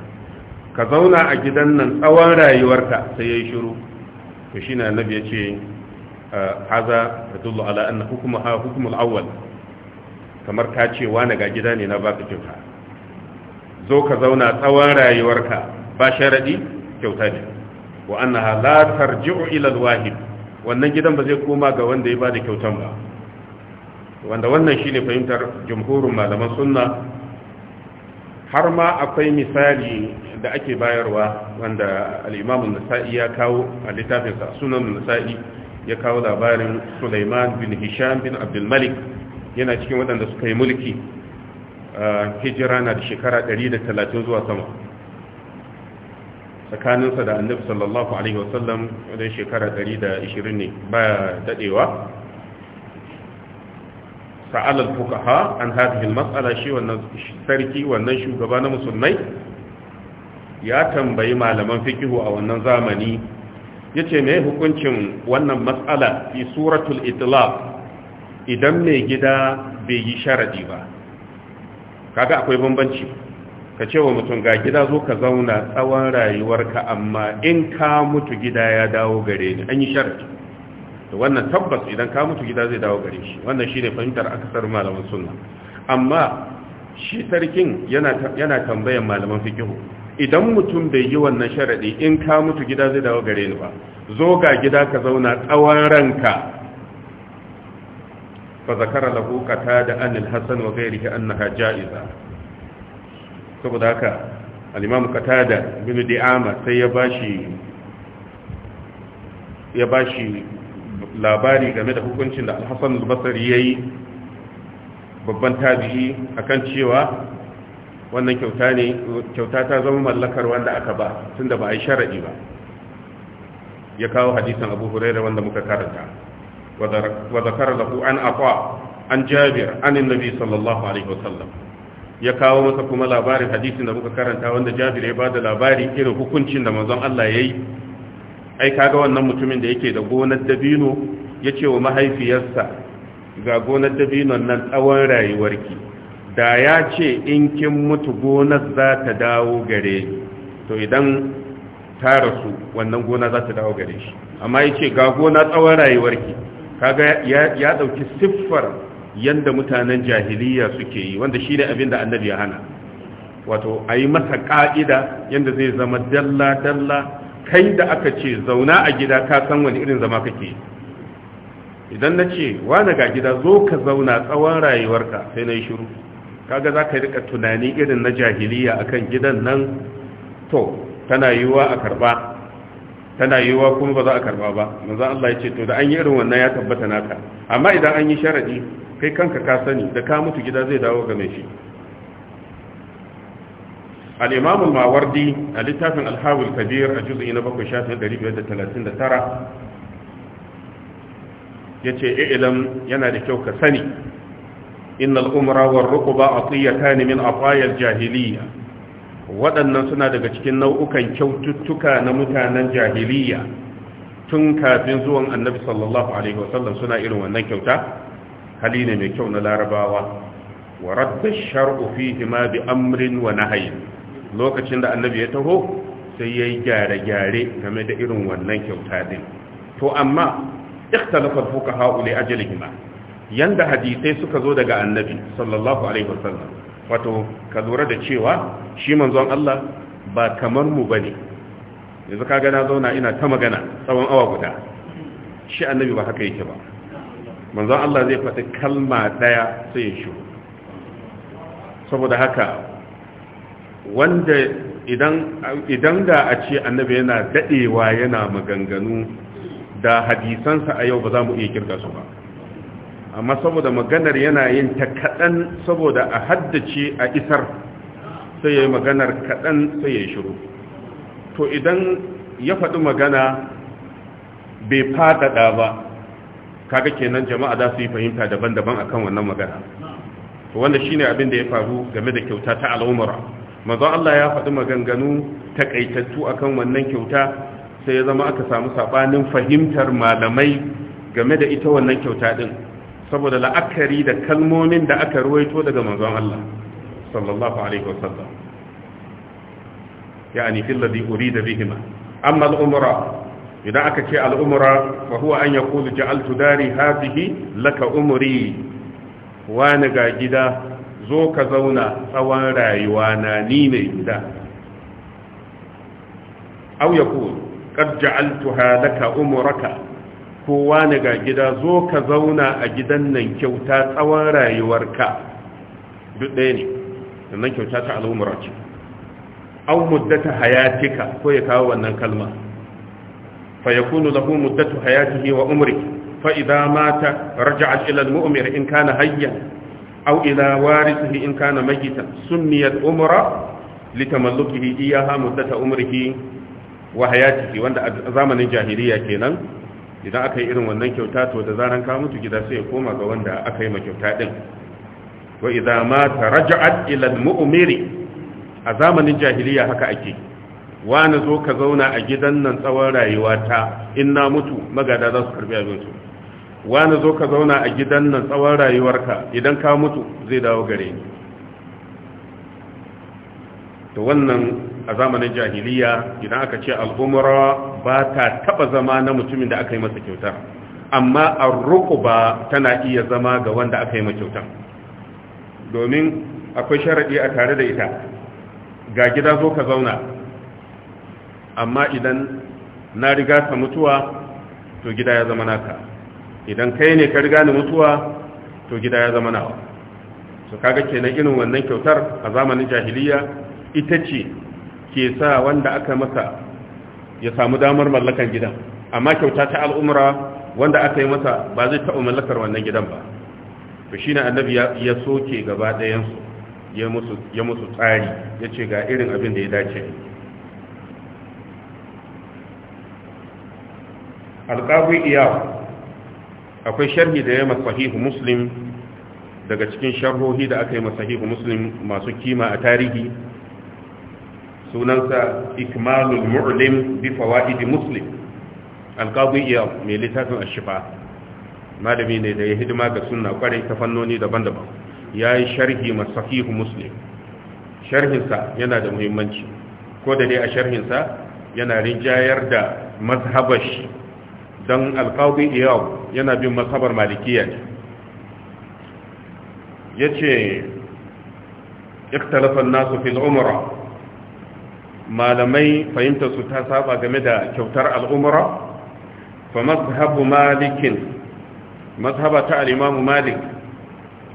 ka zauna a gidan nan tsawon rayuwarka sai ya yi shiru to na nabi ya ce ah, haza yadullu ala anna hukumar hukmul awwal kamar ka ce wane ga gida ne na ba ka kyauta zo ka zauna tsawon rayuwarka ba sharaɗi kyauta ne wa annaha la tarji'u ila al-wahid wannan gidan ba zai koma ga wanda ya bada kyautan ba wanda wannan shine fahimtar jumhurin malaman sunna har ma akwai misali da ake bayarwa wanda al-Imam nasai ya kawo a littafin sa Sunan nasai ya kawo labarin Sulaiman bin Hisham bin Abdul Malik yana cikin waɗanda suka yi mulki ah, hijira na da shekara 130 zuwa sama tsakaninsa da annabi sallallahu alaihi wasallam wadai shekara 120 ne baya dadewa sa'al al-fuqaha an hadhihi al-mas'ala shi wannan sarki wannan shugaba na musulmai ya tambayi malaman fikihu a wannan zamani yace me hukuncin wannan mas'ala fi suratul itlaq idan mai gida bai yi sharadi ba kaga akwai bambanci ka ce wa mutum ga gida zo ka zauna tsawon rayuwarka amma in ka mutu gida ya dawo gare ni an yi sharci da wannan tabbas idan ka mutu gida zai dawo gare shi wannan shi ne fahimtar akasar malaman sunna amma shi sarkin yana tambayan malaman fikihu idan mutum bai yi wannan sharadi in ka mutu gida zai dawo gare ni ba zo ga gida ka zauna tsawon ranka fa zakara lahu qatada anil hasan wa ghayrihi annaha ja'iza saboda haka al-imam qatada ibn di'ama sai ya bashi shi labari game da hukuncin da Alhassan basari yayi babban tabi'i akan cewa wannan kyauta ne kyauta ta zama mallakar wanda aka ba tunda ba a yi sharadi ba ya kawo hadisin abu huraira wanda muka karanta wa zakara lahu an aqwa an jabir an sallallahu alaihi wasallam ya kawo masa kuma labarin hadisin da muka karanta wanda jabir ya bada labari irin hukuncin da manzon Allah ya yi ai kaga wannan mutumin da yake da gonar dabino ya ce wa mahaifiyarsa ga gonar dabinon nan tsawon rayuwarki da ya ce in kin mutu gonar za ta dawo gare to idan ta rasu wannan gona za ta dawo gare shi amma ya ce ga gona tsawon rayuwarki kaga ya ɗauki siffar yanda mutanen jahiliya suke yi wanda shine abin da annabi ya hana wato a yi masa ka'ida yanda zai zama dalla dalla kai da aka ce zauna a gida ka san wani irin zama kake idan na ce na ga gida zo ka zauna tsawon rayuwarka sai na yi shiru kaga za ka rika tunani irin na jahiliya akan gidan nan to tana yiwuwa a karba tana yiwuwa kuma ba za a karba ba manzo Allah ya ce to da an yi irin wannan ya tabbata naka amma idan an yi sharadi kai kanka ka sani da ka mutu gida zai dawo game shi al mawardi a littafin al-hawi kabir a juz'i na 7 shafin ya ce ilm yana da kyau ka sani innal umra war rukuba atiyatan min akwayar jahiliya jahiliyya waɗannan suna daga cikin nau'ukan kyaututtuka na mutanen jahiliyya tun kafin zuwan annabi sallallahu alaihi wasallam suna irin wannan kyauta hali ne mai kyau na larabawa wa radda shar'u fihi ma bi amrin wa nahyin lokacin da annabi ya taho sai yayi gyare-gyare game da irin wannan kyauta din to amma ikhtalafa fuqaha li ajlihima yanda hadisai suka zo daga annabi sallallahu alaihi wasallam wato ka lura da cewa shi manzon Allah ba kamar mu bane yanzu kaga na zauna ina ta magana tsawon awa guda shi annabi ba haka yake ba manzon Allah zai faɗi kalma ɗaya sai ya shiru saboda haka wanda idan da a ce annabi yana daɗewa yana maganganu da hadisansa a yau ba za mu iya kirga su ba amma saboda maganar yana yin ta kaɗan saboda a haddace a isar sai ya maganar kaɗan sai ya shiru to idan ya faɗi magana bai faɗaɗa ba kaga kenan jama'a za su yi fahimta daban-daban akan wannan magana to wanda shine abin da ya faru game da kyauta ta al'umara manzo Allah ya faɗi maganganu takaitattu akan wannan kyauta sai ya zama aka samu saɓanin fahimtar malamai game da ita wannan kyauta ɗin, saboda la'akari da kalmomin da aka ruwaito daga manzon Allah sallallahu alaihi wasallam yani fil ladhi urida bihima amma al'umara idan aka ce al’umura fa huwa an yaqulu ja'altu dari hadhihi laka umri wani ga gida zo ka zauna tsawon rayuwa na ni ne gida aw yaqul qad ja'altuha laka umuraka ko wani ga gida zo ka zauna a gidan nan kyauta tsawon rayuwarka duk ɗaya ne nan kyauta ta al’umura ce au muddata hayatika ko ya kawo wannan kalma fa yakunu lahu muddatu hayatihi wa umri fa idza mata raja'a ila al-mu'mir in kana hayyan aw ila warithihi in kana mayitan sunniyat umra litamallukihi iyaha muddata umrihi wa wanda a zamanin jahiliya kenan idan aka yi irin wannan kyauta to da zaran ka mutu gida sai ya koma ga wanda aka yi ma kyauta din wa idza mata raja'at ila al-mu'miri a zamanin jahiliya haka ake wani zo ka zauna a gidan nan tsawon rayuwata in na mutu magada za su karbi abinsu wani zo ka zauna a gidan nan tsawon rayuwarka idan ka mutu zai dawo gare ni to wannan a zamanin jahiliya idan aka ce al'ummar ba ta taba zama na mutumin da aka yi masa kyautar amma arruku ba tana iya zama ga wanda aka yi masa kyautar domin akwai sharaɗi a tare da ita ga gida zo ka zauna amma idan na riga ka mutuwa to gida ya zama naka idan kai ne ka riga ni mutuwa to gida ya zama nawa To kaga kenan irin wannan kyautar a zamanin jahiliya ita ce ke sa wanda aka masa ya samu damar mallakan gidan amma kyauta ta al'umra wanda aka yi masa ba zai taɓa mallakar wannan gidan ba to shi ne annabi ya soke gaba ɗayansu ya musu tsari ya ce ga irin abin da ya dace alƙabu iya akwai sharhi da ya masahihu muslim daga cikin sharhohi da aka yi masahihu muslim masu kima a tarihi sunansa ikmalul mu'lim bi fawaidi muslim alƙabu iya mai littafin ashifa malami ne da ya hidima ga sunna kwarai ta fannoni daban-daban ya yi sharhi masahihu muslim sharhinsa yana da muhimmanci ko da dai a sharhinsa yana rinjayar da mazhabashi don alkawai iyau yana bin masabar malikiya ne ya ce iktalafan nasu fil umara malamai fahimtarsu ta saba game da kyautar al'umara fa mazhabu malikin mazhaba ta al'imamu malik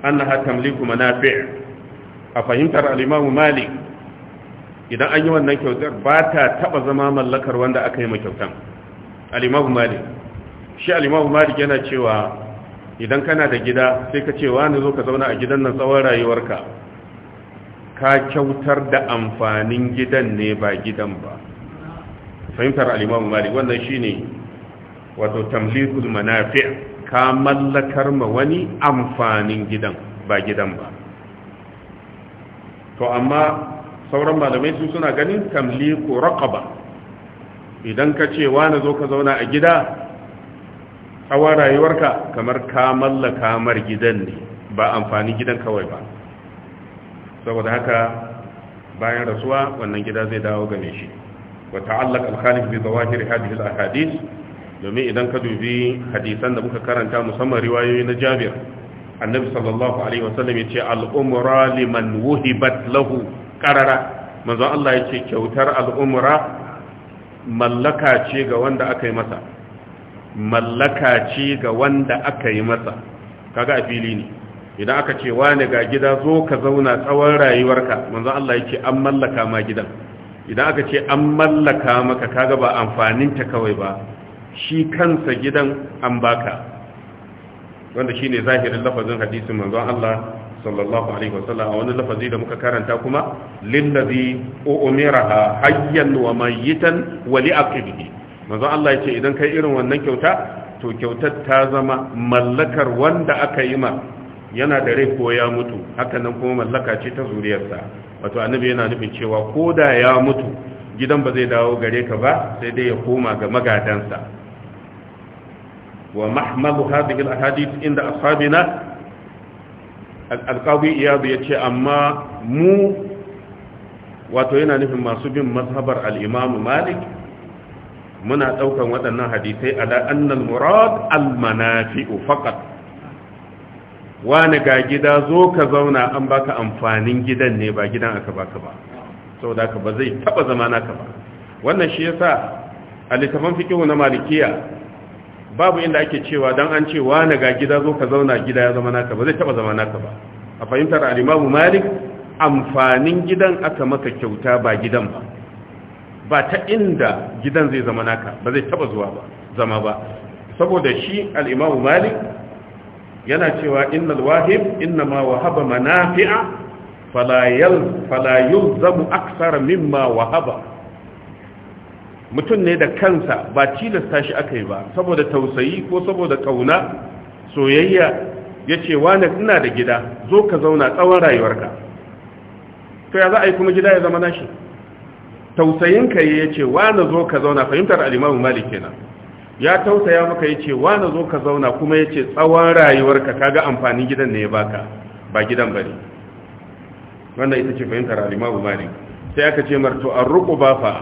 an na tamliku manafi' a fahimtar al'imamu malik idan an yi wannan kyautar ba ta taba zama mallakar wanda aka yi makyautan alimamu malik shi alimahu malik yana cewa idan kana da gida sai ka ce wani zo ka zauna a gidan nan tsawon rayuwarka ka kyautar da amfanin gidan ne ba gidan ba fahimtar alimahu malik wannan shi ne wato tamlikul manafi ka mallakar ma wani amfanin gidan ba gidan ba to amma sauran malamai su suna ganin tamliku raqaba idan ka ce wani zo ka zauna a gida hawa rayuwarka kamar ka mallaka mar gidan ne ba amfani gidan kawai ba saboda haka bayan rasuwa wannan gida zai dawo game shi wa ta'allaq al-khalif bi zawahir hadhihi al-ahadith domin idan ka dubi hadisan da muka karanta musamman riwayoyi na Jabir annabi sallallahu alaihi wasallam yace al-umra liman wuhibat lahu qarara manzo Allah yace kyautar al-umra mallaka ce ga wanda aka yi masa mallaka ce ga wanda aka yi masa kaga a fili ne idan aka ce wane ga gida zo ka zauna tsawon rayuwarka manzo Allah yake an mallaka ma gidan idan aka ce an mallaka maka kaga ba amfanin ta kawai ba shi kansa gidan an baka wanda shine zahirin lafazin hadisin manzo Allah sallallahu alaihi wasallam a wani lafazi da muka karanta kuma lillazi u'miraha hayyan wa mayitan wa li'aqibihi manzo Allah yake idan kai irin wannan kyauta to kyautar ta zama mallakar wanda aka yi ma yana da rai ko ya mutu hakanan kuma mallaka ce ta zuriyarsa wato annabi yana nufin cewa ko da ya mutu gidan ba zai dawo gare ka ba sai dai ya koma ga magadansa wa mahmalu hadhihi alhadith inda ashabina alqawi iyad yace amma mu wato yana nufin masu bin mazhabar al-imam malik muna daukan waɗannan hadisai ala annal murad al manafi'u faqat wani ga gida zo ka zauna an baka amfanin gidan ne ba gidan aka baka ba saboda ka ba zai taba zama naka ba wannan shi yasa a littafin fikihu na malikiya babu inda ake cewa dan an ce wani ga gida zo ka zauna gida ya zama naka ba zai taba zama naka ba a fahimtar al-imamu malik amfanin gidan aka maka kyauta ba gidan ba ba ta inda gidan zai zama naka ba zai taba zuwa ba zama ba saboda shi al malik yana cewa innal wahib innama wahaba manafi'a fala yal fala aksara mimma wahaba mutum ne da kansa ba tilasta shi aka yi ba saboda tausayi ko saboda kauna soyayya ya ce wani ina da gida zo ka zauna tsawon rayuwarka to ya za a yi kuma gida ya zama nashi Tausayin ka ya ce wa na zo ka zauna fahimtar alimamu malik kenan ya tausaya maka ya ce wa na zo ka zauna kuma ya ce tsawon rayuwarka kaga amfanin gidan ne ya baka ba gidan ba ne. wannan ita ce fahimtar alimamu malik sai aka ce marto an ruku ba fa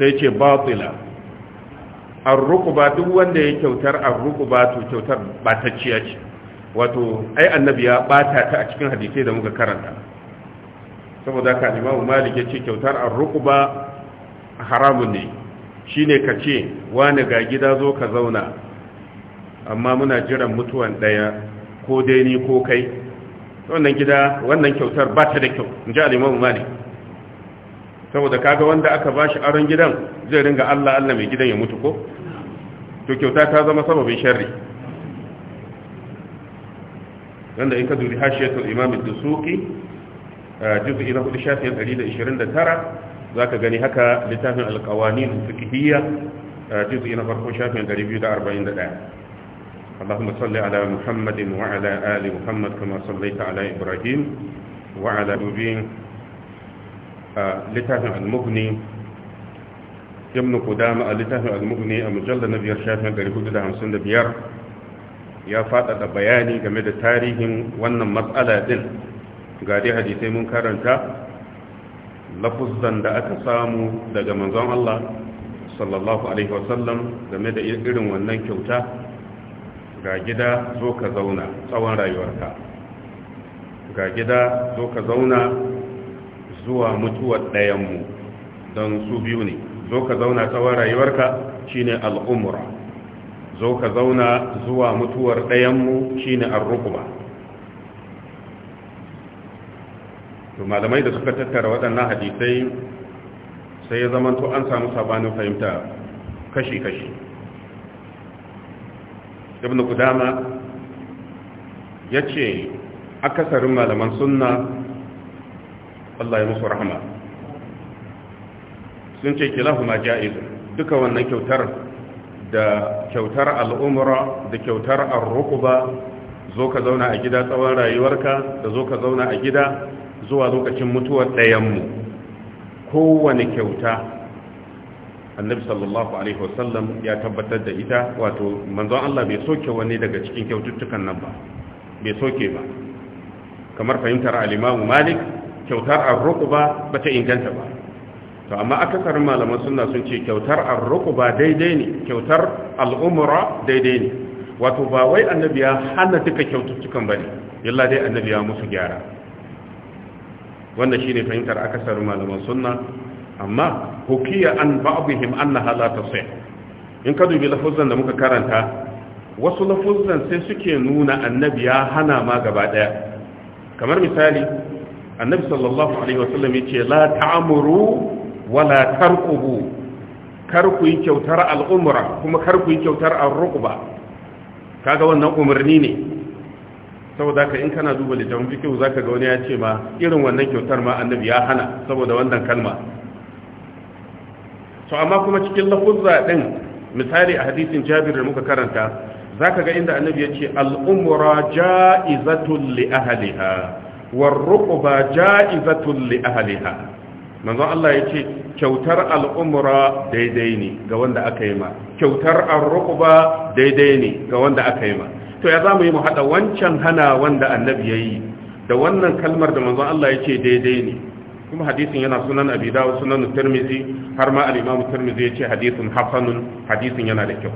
sai ce batila an ruku ba duk wanda ya kyautar an ruku ba to kyautar batacciya ce wato ai annabi ya bata ta a cikin hadisai da muka karanta saboda ka imamu malik ya ce kyautar arruquba haramun ne shine ka ce wani ga gida zo ka zauna amma muna jiran mutuwan daya ko dai ni ko kai wannan gida wannan kyautar ba ta da kyau in ji al'imamu malik saboda kaga wanda aka ba shi aron gidan zai ringa Allah Allah mai gidan ya mutu ko to kyauta ta zama sababin sharri wanda in ka duri hashiyatul imamu ad Suki. juz'i na hudu shafin 129 zaka gani haka littafin alqawanin fiqhiyya juz'i na farko shafin 241 اللهم صل على محمد وعلى آل محمد كما صليت على إبراهيم وعلى أبين لتافع المغني ابن قدامة لتافع المغني المجلد نبي الشافع قريب قد همسون بيار يا فاتة بياني جميل تاريخ وانا مسألة دل ga dai hadisai mun karanta lafuzan da aka samu daga manzon Allah sallallahu alaihi wasallam game da irin wannan kyauta ga gida zo ka zauna tsawon rayuwarka ga gida zo ka zauna zuwa mutuwar ɗayanmu don su biyu ne zo ka zauna tsawon rayuwarka shine al'umura zo ka zauna zuwa mutuwar ɗayanmu shine arrukuba to malamai da suka tattara waɗannan hadisai sai ya zama to an samu sabanin fahimta kashi-kashi ibn kudama ya ce akasarin malaman sunna Allah ya musu rahama sun ce kilahu ma ja'izu duka wannan kyautar da kyautar al'umra da kyautar arrukuba zo ka zauna a gida tsawon rayuwarka da zo ka zauna a gida zuwa lokacin mutuwar ɗayanmu kowane kyauta annabi sallallahu alaihi wasallam ya tabbatar da ita wato manzon Allah bai soke wani daga cikin kyaututtukan nan ba bai soke ba kamar fahimtar al-Imam Malik kyautar ar-ruqba bata inganta ba to amma akasarin malaman sunna sun ce kyautar ar-ruqba daidai ne kyautar al-umra daidai ne wato ba wai annabi ya hana duka kyaututtukan bane yalla dai annabi ya musu gyara wanda shine fahimtar akasar malaman sunna amma hukiya an ba'dihim annaha la tasih in ka dubi lafuzan da muka karanta wasu lafuzan sai suke nuna annabi ya hana ma gaba daya kamar misali annabi sallallahu alaihi wasallam yace la ta'muru wala tarqubu kar ku yi kyautar al'umra kuma kar ku yi kyautar ar-ruqba kaga wannan umarni ne saboda ka in kana duba littafin fikihu zaka ga wani ya ce ma irin wannan kyautar ma annabi ya hana saboda wannan kalma to amma kuma cikin lafuzza din misali a hadisin Jabir da muka karanta zaka ga inda annabi ya ce al-umra ja'izatun li ahliha war-ruqba ja'izatun li ahliha manzo Allah ya ce kyautar al-umra daidai ne ga wanda aka yi ma kyautar ar-ruqba daidai ne ga wanda aka yi ma to ya za mu yi mu hada wancan hana wanda annabi yi da wannan kalmar da manzon Allah ya ce daidai ne kuma hadisin yana sunan abi dawud sunan tirmizi har ma al-imam tirmizi ce hadisin hasanun hadisin yana da kyau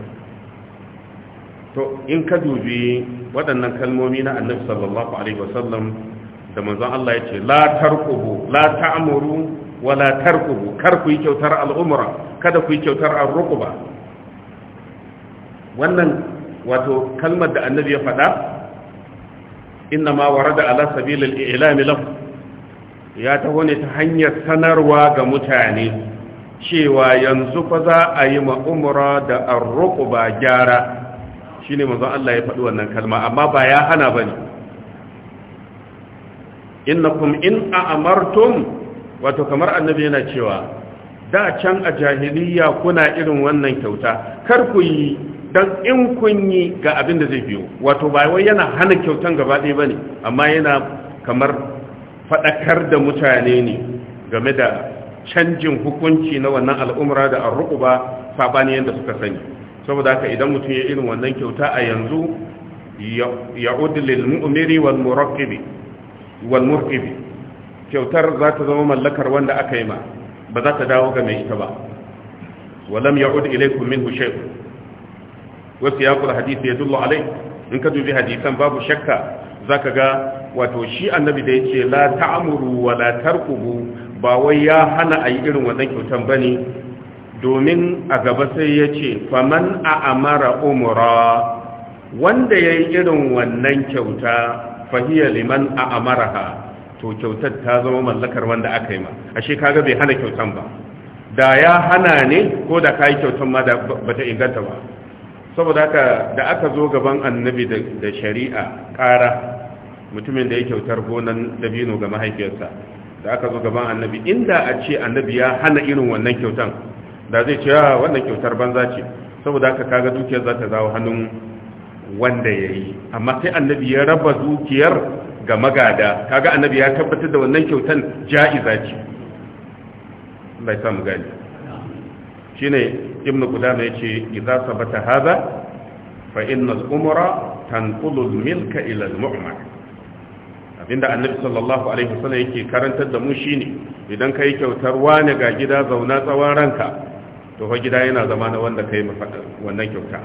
to in ka dubi waɗannan kalmomi na annabi sallallahu alaihi wasallam da manzon Allah ya ce la tarqubu la ta'muru wa la tarqubu kar ku yi kyautar al-umra kada ku yi kyautar ar-ruqba wannan wato kalmar da annabi ya faɗa inna ma warada ala sabilil i'lami ya taho ne ta hanyar sanarwa ga mutane cewa yanzu fa za a yi ma'umura da arruku ba gyara shine manzon Allah ya faɗi wannan kalma amma ba ya hana bane innakum in a'amartum wato kamar annabi yana cewa da can a jahiliya kuna irin wannan kyauta kar ku yi don in kun yi ga abin da zai biyo wato ba wai yana hana kyautan gaba ɗaya ba ne amma yana kamar faɗakar da mutane ne game da canjin hukunci na wannan al'umra da an ruku ba saɓani yadda suka sani saboda haka idan mutum ya irin wannan kyauta a yanzu ya udilil mu'miri wal kyautar za ta zama mallakar wanda aka yi ma ba za ta dawo ga mai ita ba walam ya'ud ilaykum minhu shay'un wasu ya kula hadisi ya dullo alai in ka dubi hadisan babu shakka za ka ga wato shi annabi da ya ce la ta'amuru wa la tarkubu ba wai ya hana a yi irin wannan kyautan ba ne domin a gaba sai yace ce faman a amara umura wanda ya yi irin wannan kyauta fahiyar liman a amaraha to kyautar ta zama mallakar wanda aka yi ma ashe kaga bai hana kyautan ba da ya hana ne ko da ka yi kyautan ma da bata inganta ba saboda haka da aka zo gaban annabi da shari'a ƙara mutumin da ya kyautar gonan dabino ga mahaifiyarsa da aka zo gaban annabi inda a ce annabi ya hana irin wannan kyautan da zai ce ya ah, wannan kyautar banza ce saboda haka kaga dukiyar za ta zawo hannun wanda ya yi amma sai annabi ya raba dukiyar ga magada kaga annabi ya tabbatar da wannan kyautan ja'iza ce bai samu gani shine ibn qudama yace idza sabata haza fa inna al-umra tanqulu al-milka ila al-mu'min abinda annabi sallallahu alaihi wasallam yake karantar da mu shine idan kai kyautar ne ga gida zauna tsawon ranka to fa gida yana zama na wanda kai mafada wannan kyauta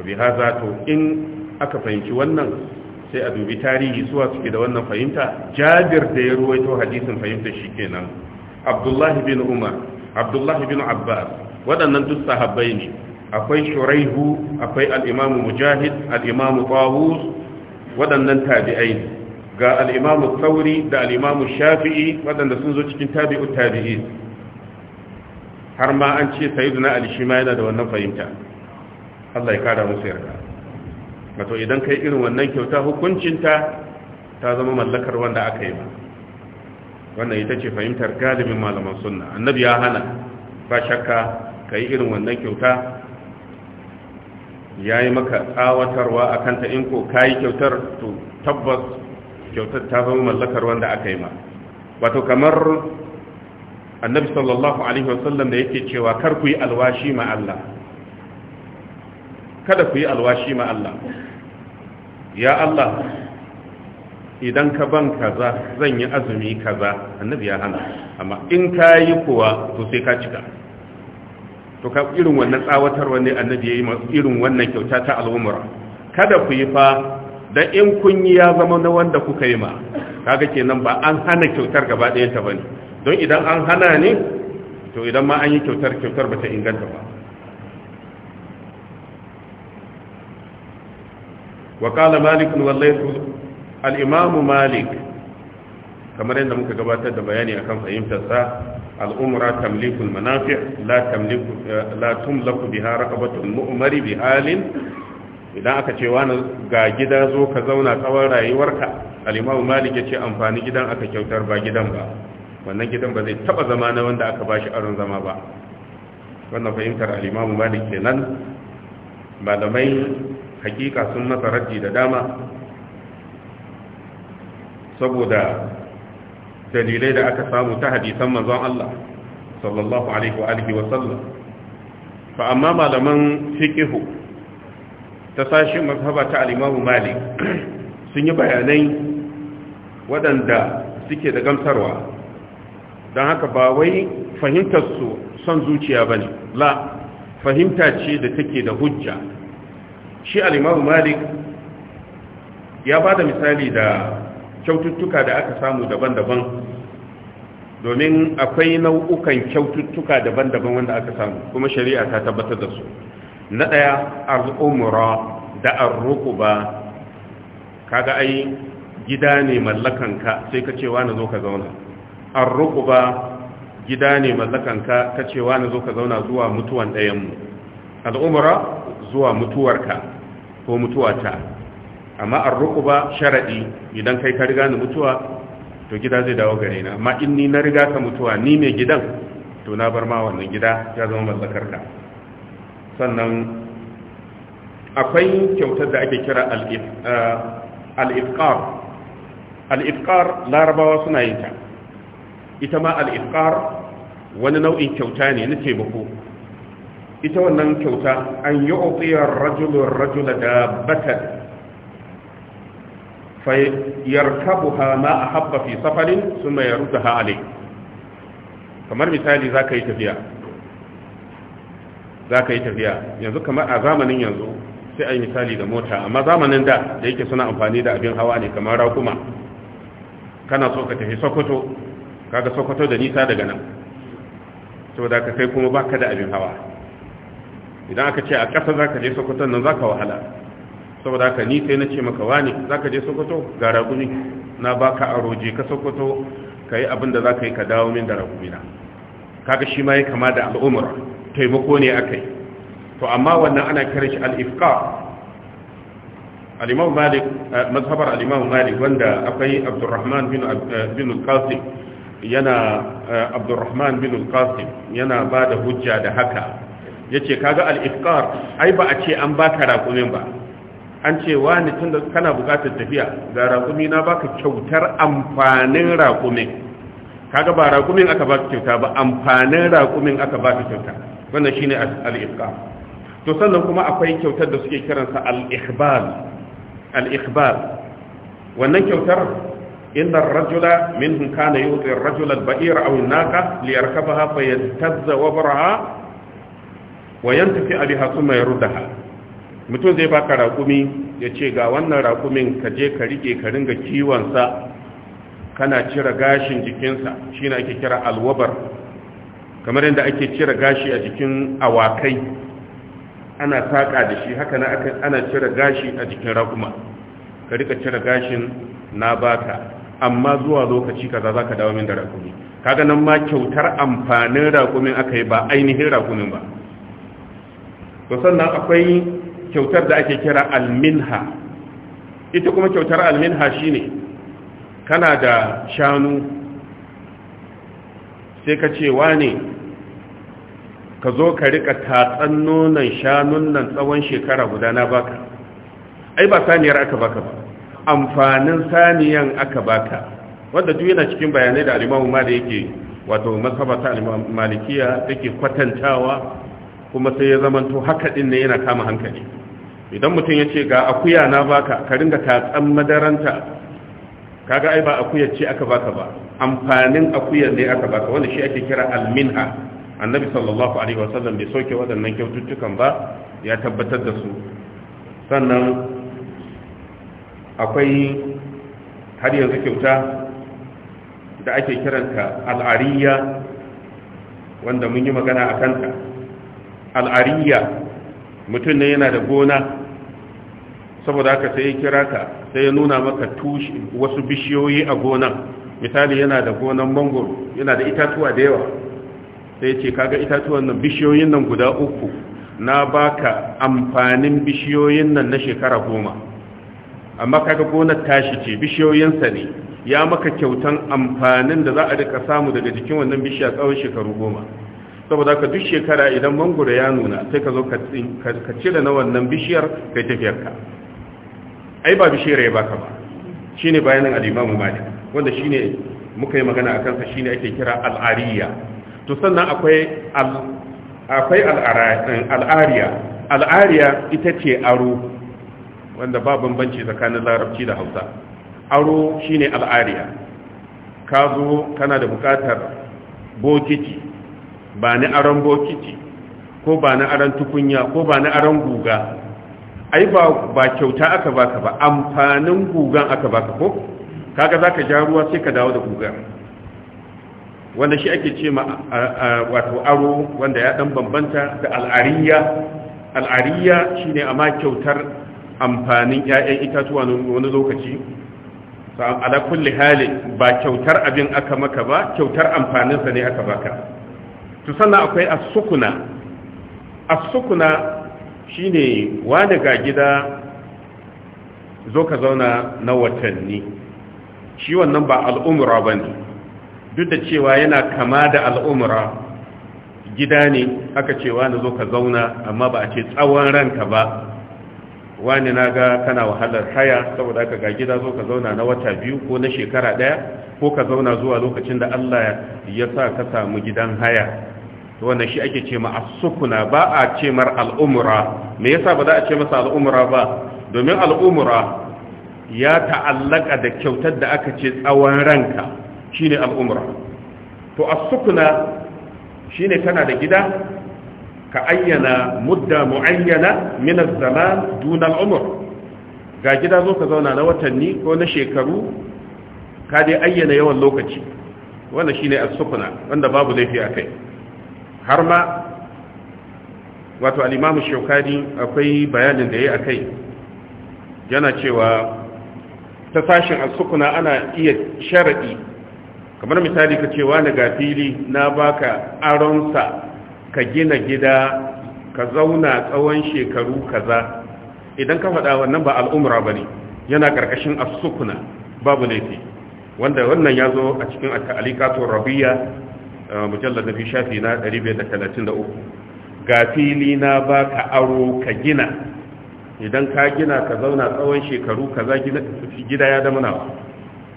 to bi haza to in aka fahimci wannan sai a dubi tarihi suwa suke da wannan fahimta jabir da ya ruwaito hadisin fahimta shi kenan abdullahi bin umar abdullahi bin abbas waɗannan duk sahabbai ne akwai shuraihu akwai al'imamu mujahid al'imamu ƙawus waɗannan tabi'ai ne ga al'imamu sauri da al'imamu shafi'i waɗanda sun zo cikin tabi'u tabi'i har ma an ce sayidu na alishima yana da wannan fahimta allah ya kada musu yarda wato idan kai irin wannan kyauta hukuncinta ta zama mallakar wanda aka yi ba wannan ita ce fahimtar galibin malaman sunna annabi ya hana ba shakka ka yi irin wannan kyauta ya yi maka tsawatarwa a kanta in ko ka yi kyautar to tabbas kyautar ta zama mallakar wanda aka yi ma wato kamar annabi sallallahu alaihi wasallam da yake cewa kar ku yi alwashi ma Allah kada ku yi alwashi ma Allah ya Allah idan ka ban kaza zan yi azumi kaza annabi ya hana amma in ka yi kuwa to sai ka cika to ka irin wannan tsawatarwa ne annabi ya yi irin wannan kyauta ta al'umura kada ku yi fa da in kun yi ya zama na wanda kuka yi ma kaga kenan ba an hana kyautar gaba ɗaya ta bane don idan an hana ne to idan ma an yi kyautar kyautar ba ta inganta ba wa qala malik wallahi al-imam malik kamar yadda muka gabatar da bayani akan fahimtar sa al'umra tamlikul manafi la tumlaku biha bi halin idan aka ce wani ga gida zo ka zauna tsawon rayuwarka al-imamu malik yace amfani gidan aka wannan gidan ba zai taba zama na wanda aka bashi aron zama ba wannan fahimtar al malamai hakika sun masa da dama saboda dalilai da aka samu ta hadisan manzon Allah sallallahu alaihi wa alihi wa sallam fa amma malaman fiqh ta sashi mazhaba ta al-Imam Malik sun yi bayanai waɗanda suke da gamsarwa don haka ba wai fahimtar su son zuciya bane la fahimta ce da take da hujja shi al-Imam Malik ya bada misali da kyaututtuka da aka samu daban-daban domin akwai nau'ukan kyaututtuka daban-daban wanda aka samu kuma shari'a ta tabbatar da su na ɗaya al'umura da arrukuba kaga ai gida ne mallakanka sai ka cewa na zo ka zauna ba, gida ne mallakanka ka cewa na zo ka zauna zuwa mutuwan ɗayanmu al'umura zuwa mutuwarka ko mutuwata amma arruku ba sharaɗi idan kai ka riga ni mutuwa to gida zai dawo gare na amma in ni na riga ka mutuwa ni mai gidan to na bar ma wannan gida ya zama mallakar ka sannan akwai kyautar da ake kira uh, al-ifqar al-ifqar larabawa suna yin ta ita ma al-ifqar wani nau'in kyauta ne na taimako ita wannan kyauta an yi otsiyar rajulun rajula da batar fa ما أحب في fi safarin يردها yaruddaha alayhi kamar misali zaka yi tafiya zaka yi tafiya yanzu kamar a zamanin yanzu sai ai misali da mota amma zamanin da da yake suna amfani da abin hawa ne kamar rakuma kana so ka tafi Sokoto kaga Sokoto da nisa daga nan saboda ka kai kuma baka da abin hawa idan aka ce a ƙasa zaka je sokoton nan zaka wahala saboda ka ni sai na ce maka wani zaka je sokoto ga raguni na baka aro je ka sokoto kai abin da zaka yi ka dawo min da raguni na kaga shi ma ya kama da al'umar taimako ne akai to amma wannan ana kira shi al-ifqa al malik eh, mazhabar al malik wanda akwai abdurrahman bin eh, bin al-qasim yana eh, abdurrahman bin al-qasim yana bada hujja da haka yace kaga al-ifqar ai ba a ce an baka rakumin ba an ce wani tun da kana bukatar tafiya ga raƙumi na baka kyautar amfanin raƙumin kaga ba raƙumin aka baka kyauta ba amfanin raƙumin aka baka kyauta wannan shine al-ifqa to sannan kuma akwai kyautar da suke kiransa al-ihbal al-ihbal wannan kyautar inna ar-rajula minhum kana yuti ar-rajula al-ba'ira aw an-naqa liyarkabaha fayantazza wabraha wa yantafi biha thumma yaruddaha mutum zai baka rakumi ya ce ga wannan rakumin ka je ka rike ka ringa kiwonsa kana cire gashin jikinsa shi na ake kira alwabar kamar yadda ake cire gashi a jikin awakai ana saƙa da shi haka ana cire gashi a jikin raƙuma ka rika cire gashin na baka amma zuwa lokaci kaza za ka dawo min da raƙumi kaga nan ma kyautar amfanin rakumin aka yi ba ainihin raƙumin ba sannan akwai kyautar da ake kira alminha ita kuma kyautar alminha shine kana da shanu sai ka ce wane ka zo ka rika tatsan nonon shanun nan tsawon shekara guda na baka ai ba saniyar aka baka ba amfanin saniyan aka baka wanda duk yana cikin bayanai da alimamu ma da yake wato masabata alimamu malikiya take kwatantawa kuma sai ya zamanto haka din ne yana kama hankali idan mutum ya ce ga akuya na baka ka ringa tatsan madaranta kaga ai ba akuya ce aka baka ba amfanin akuya ne aka baka wanda shi ake kira alminha annabi sallallahu alaihi wasallam bai soke waɗannan kyaututtukan ba ya tabbatar da su sannan akwai har yanzu kyauta da ake kiranta al'ariya wanda mun yi magana a kanta al'ariya mutum ne yana da gona saboda haka sai ya kira ka sai ya nuna maka tushi wasu bishiyoyi a gonan misali yana da gonan mangoro yana da itatuwa da yawa sai ya ce kaga itatuwan nan bishiyoyin nan guda uku na baka amfanin bishiyoyin nan na shekara goma amma kaga gonar tashi ce bishiyoyinsa ne ya maka kyautan amfanin da za a rika samu daga jikin wannan bishiya tsawon shekaru goma saboda ka duk shekara idan mangoro ya nuna sai ka zo ka cire na wannan bishiyar kai tafiyarka ai ba bishira ya baka ba shine bayanin al-Imam Malik wanda shine muka yi magana akan sa shine ake kira al-ariya to sannan akwai al akwai eh, al-ariya al-ariya ita ce aro wanda ba bambanci tsakanin larabci da Hausa aro shine al-ariya ka zo kana da bukatar bokiti ba ni aron bokiti ko ba ni aron tukunya ko ba ni aron guga ai ba ba kyauta aka baka ba amfanin gugan aka baka ko kaga zaka ja ruwa sai ka dawo da gugan wanda shi ake ce ma wato aro wanda ya dan bambanta da al'ariya al'ariya shine amma kyautar amfanin ƴaƴan itatuwa wani lokaci sa'an ala kulli hali ba kyautar abin aka maka ba kyautar amfaninsa ne aka baka to sannan akwai as-sukuna as-sukuna Shi ne wani ga gida zo ka zauna na watanni shi wannan ba al'umura ba ne duk da cewa yana kama da al'umura. gida ne aka cewa wani zo ka zauna amma ba a ce tsawon ranka ba wani na ga kana wahalar haya saboda aka ga gida zo ka zauna na wata biyu ko na shekara daya ko ka zauna zuwa lokacin da allah ya sa ka samu gidan haya wannan shi ake ce ma as-sukuna ba a ce mar al-umra me yasa ba za a ce masa al-umra ba domin al-umra ya ta'allaka da kyautar da aka ce tsawon ranka shine al-umra to as-sukuna shine kana da gida ka ayyana mudda muayyana min az-zaman al-umr ga gida zo ka zauna na watanni ko na shekaru ka dai ayyana yawan lokaci wannan shine as-sukuna wanda babu laifi akai har ma wato al'imamu shaukari akwai bayanin da ya a kai yana cewa ta sashin al ana iya sharaɗi kamar misali ka cewa na ga fili na baka aronsa ka gina gida ka zauna tsawon shekaru kaza idan ka faɗa wannan ba al'umra ba ne yana ƙarƙashin asukuna, babu laifi wanda wannan ya zo a cikin alikato rabiya mujallar da shafi na 533 ga fili na ba ka aro ka gina idan ka gina ka zauna tsawon shekaru ka za gida ya da muna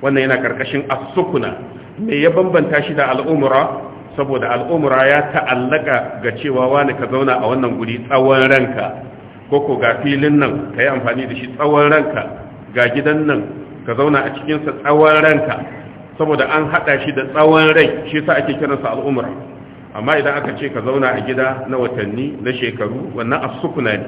wannan yana karkashin asukuna me ya bambanta shi da al'umura saboda al'umura ya ta'allaka ga cewa wani ka zauna a wannan guri tsawon ranka koko ga filin nan ka yi amfani da shi tsawon ranka ga gidan nan ka zauna a cikinsa tsawon ranka saboda an hada shi da tsawon rai shi yasa ake kiransa al'umra amma idan aka ce ka zauna a gida na watanni na shekaru wannan asukuna ne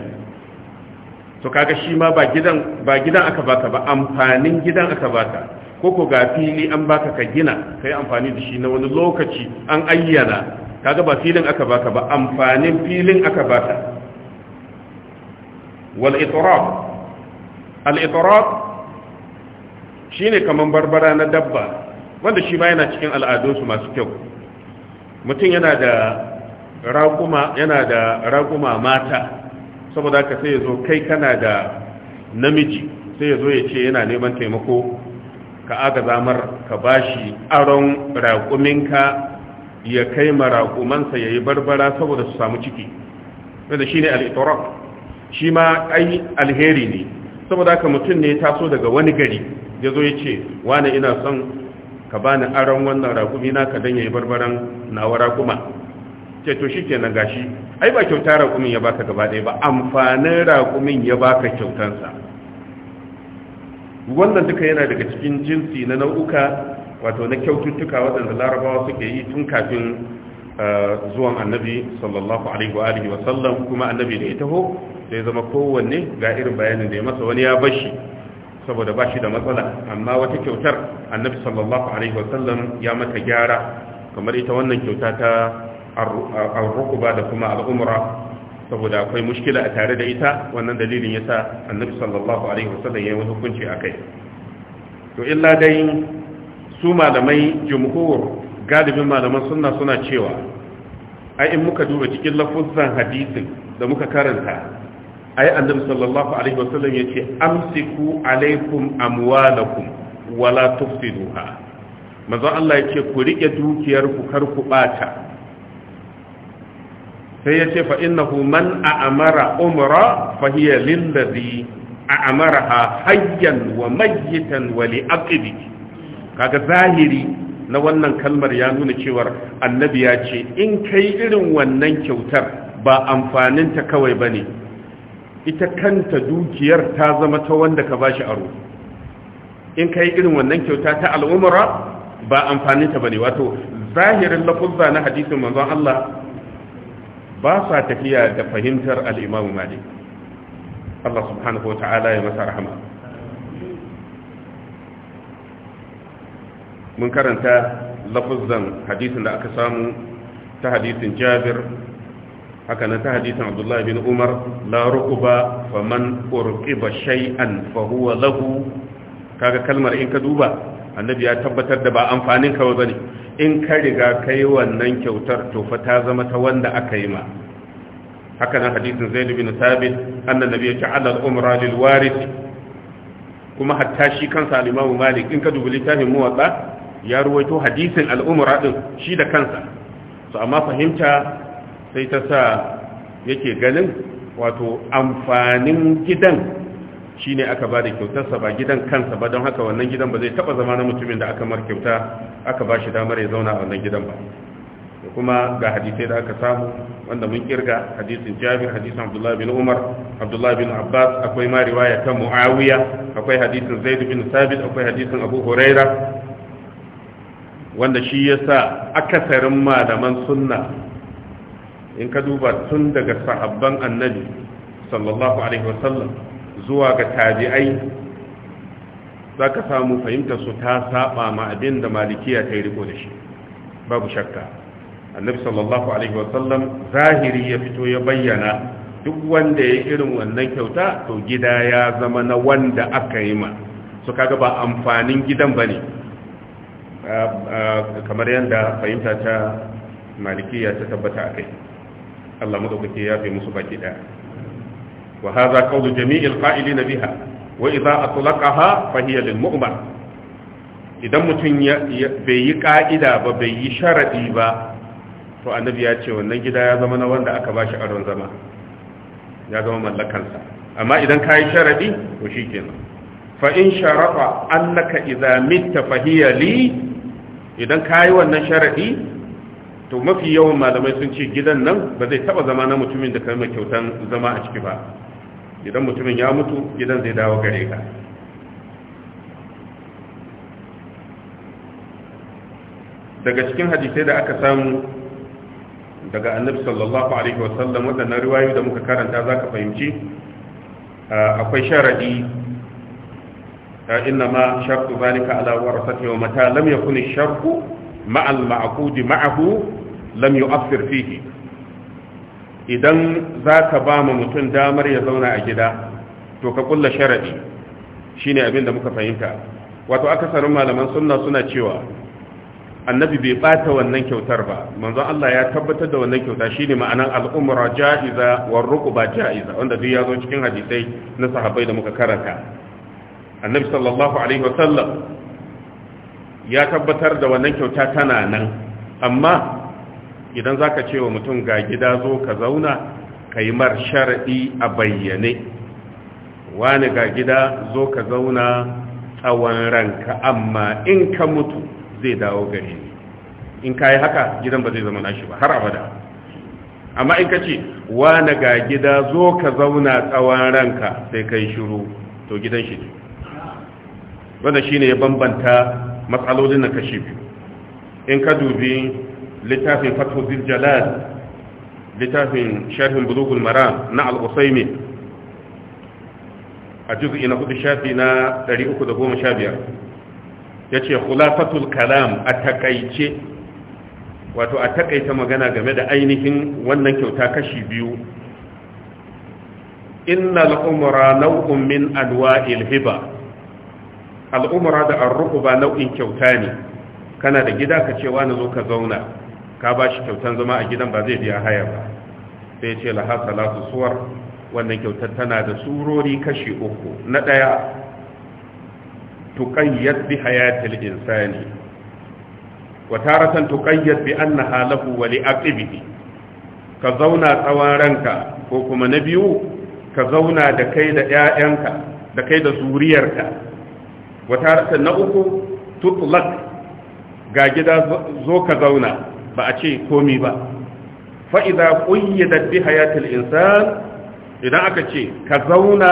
to kaga shi ma ba gidan ba gidan aka baka ba amfanin gidan aka baka ko ko ga fili an baka ka gina kai amfani da shi na wani lokaci an ayyana kaga ba filin aka baka ba amfanin filin aka baka wal itrab al itrab shine kaman barbara na dabba wanda shi ma yana cikin al'adunsu masu kyau mutum yana da raƙuma yana da raƙuma mata saboda ka sai ya kai kana da namiji sai ya zo ya ce yana neman taimako ka aga zamar ka bashi aron raƙuminka ya kai ma raƙumansa ya yi barbara saboda su samu ciki wanda shi ne al'itorak shi ma ai alheri ne saboda haka mutum ne ya taso daga wani gari ya zo ya ce wane ina son ka bani aron wannan raƙumi na ka danye barbaran nawa raƙuma ce to shi kenan gashi ai ba kyauta raƙumin ya baka gaba ɗaya ba amfanin raƙumin ya baka kyautansa wannan duka yana daga cikin jinsi na nau'uka wato na kyaututtuka waɗanda larabawa suke yi tun kafin eh, zuwan annabi sallallahu alaihi wa alihi wa sallam kuma annabi da ya taho sai zama kowanne ga irin bayanin da ya masa wani ya bashi saboda ba shi da matsala amma wata kyautar annabi sallallahu alaihi wasallam ya mata gyara kamar ita wannan kyauta ta arrukuba da kuma al'umma, saboda akwai mushkila a tare da ita wannan dalilin yasa annabi sallallahu alaihi wasallam ya yi hukunci akai to illa dai su malamai jumhur galibin malaman sunna suna cewa ai in muka duba cikin lafuzzan hadisin da muka karanta ai annabi sallallahu alaihi wasallam yace amsiku alaikum amwalakum wala tufsiduha manzo Allah yace ku rike dukiyar ku kar ku bata sai yace fa innahu man a'mara umra fa hiya lillazi a'maraha hayyan wa mayyitan wa li'aqibi kaga zahiri na wannan kalmar ya nuna cewar annabi ya ce in kai irin wannan kyautar ba amfaninta kawai bane ita kanta dukiyar ta zama ta wanda ka shi aro in ka yi irin wannan kyauta ta al'umra ba amfani ta ne, wato zahirin lafuzza na hadisin manzon Allah ba sa tafiya da fahimtar al mali. Allah subhanahu wa ta'ala ya masa rahama mun karanta lafuzzan hadisin da aka samu ta hadisin Jabir haka na ta hadisan abdullahi bin umar la rukuba fa man urqiba shay'an fahuwa lahu kaga kalmar in ka duba annabi ya tabbatar da ba amfanin ba bane in ka riga kai wannan kyautar to fa ta zama ta wanda aka yi ma haka nan hadisin zaid bin annan anna nabiyyu ta'ala al-umra lil warith kuma hatta shi kansa al malik in ka dubi littafin muwatta ya ruwaito hadisin al-umra din shi da kansa to amma fahimta sai ta sa yake ganin wato amfanin gidan shine aka ba da kyautarsa ba gidan kansa ba don haka wannan gidan ba zai taba zama na mutumin da aka mar kyauta aka ba shi damar ya zauna a wannan gidan ba da kuma ga hadisai da aka samu wanda mun kirga hadisin jabir hadisin abdullahi bin umar abdullahi bin abbas akwai ma riwaya ta muawiya akwai hadisin zaid bin sabit akwai hadisin abu huraira wanda shi ya yasa akasarin malaman sunna in ka duba tun daga sahabban annabi sallallahu alaihi wasallam zuwa ga tabi'ai za ka samu fahimta su ta saba ma abin da malikiya ta yi riko da shi babu shakka annabi sallallahu alaihi wasallam zahiri ya fito ya bayyana duk wanda ya irin wannan kyauta to gida ya zama na wanda aka yi ma su kaga ba amfanin gidan ba ne ah, ah, kamar yadda fahimta ta malikiya ta tabbata a kai Allah madaukake ya fi musu baki daya wa hadha qawlu jami'il qa'ilina biha wa za atlaqaha fa hiya lil mu'min idan mutum bai yi ka'ida ba bai yi sharadi ba to annabi ya ce wannan gida ya zama na wanda aka bashi aron zama ya zama mallakansa amma idan ka yi sharadi to shikenan fa in sharafa annaka idza mitta fa hiya li idan ka yi wannan sharadi to mafi yawan malamai sun ce gidan nan ba zai taba zama na mutumin da kai kyautan zama a ciki ba idan mutumin ya mutu gidan zai dawo gare ka daga cikin hadisai da aka samu daga annabi sallallahu alaihi wasallam wadannan riwayoyi da muka karanta zaka fahimci akwai sharadi inna ma sharku zalika ala warasati wa mata lam yakun sharku ma'al ma'akudi ma'ahu lam yu'affir fihi idan za ka ba mu mutum damar ya zauna a gida to ka kulla sharadi shine abin da muka fahimta wato akasarin malaman sunna suna cewa annabi bai bata wannan kyautar ba manzon Allah ya tabbatar da wannan kyauta shine ma'anan al'umra ja'iza war ba ja'iza wanda zai ya zo cikin hadisai na sahabbai da muka karanta annabi sallallahu alaihi wasallam ya tabbatar da wannan kyauta tana nan amma idan za ka ce wa mutum ga gida zo ka zauna ka yi mar a bayyane wani ga gida zo ka zauna tsawon ranka amma in ka mutu zai dawo gare ni in ka yi haka gidan ba zai zama nashi ba har abada amma in ka ce wani ga gida zo ka zauna tsawon ranka sai ka yi shiru to gidan shi ne wanda shi ne ya bambanta matsalolin na kashi biyu in ka dubi littafin fathu zil littafin sharhin bulugul Mara na al a juz'i na hudu shafi na 315 yace khulafatul kalam a takaice wato a takaita magana game da ainihin wannan kyauta kashi biyu innal umra naw'un min anwa'il hiba al'umra da ar-ruqba nau'in kyauta ne kana da gida ka cewa na zo ka zauna ka ba shi kyautan zama a gidan ba zai biya haya ba sai ya ce laha salatu suwar wannan kyautar tana da surori kashi uku na ɗaya. tuqayyad bi hayatil insani wa taratan tuqayyad bi annaha lahu wa li ka zauna tsawon ranka ko kuma na biyu ka zauna da kai da ƴaƴanka da kai da zuriyarka wata na uku tutlak ga gida zo ka zauna ba a ce komi ba fa'iza ƙuyyadat bi hayatul insan idan aka ce ka zauna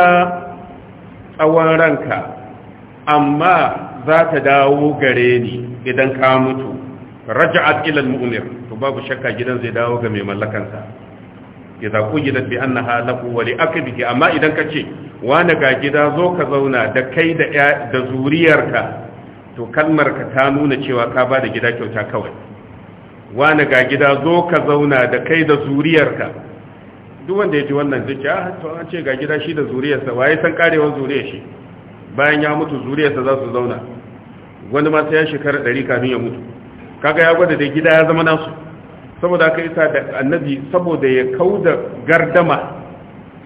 tsawon ranka amma za ta dawo gare ni idan ka mutu Raja ila al to babu shakka gidan zai dawo ga mai mallakansa idza quyidat bi na lahu wa aka akbihi amma idan ka ce wane ga gida zo ka zauna da kai da zuriyarka to kalmar ka ta nuna cewa ka ba da gida kyauta kawai wane ga gida zo ka zauna da kai da zuriyarka duk wanda ya ji wannan zuci a ah, to an ce ga gida shi da zuriyarsa waye san karewar zuriyar shi bayan ya mutu zuriyarsa za su zauna wani ma sai ya shekara ɗari kafin ya mutu kaga ya gwada da gida ya zama nasu saboda aka isa da annabi saboda ya kauda gardama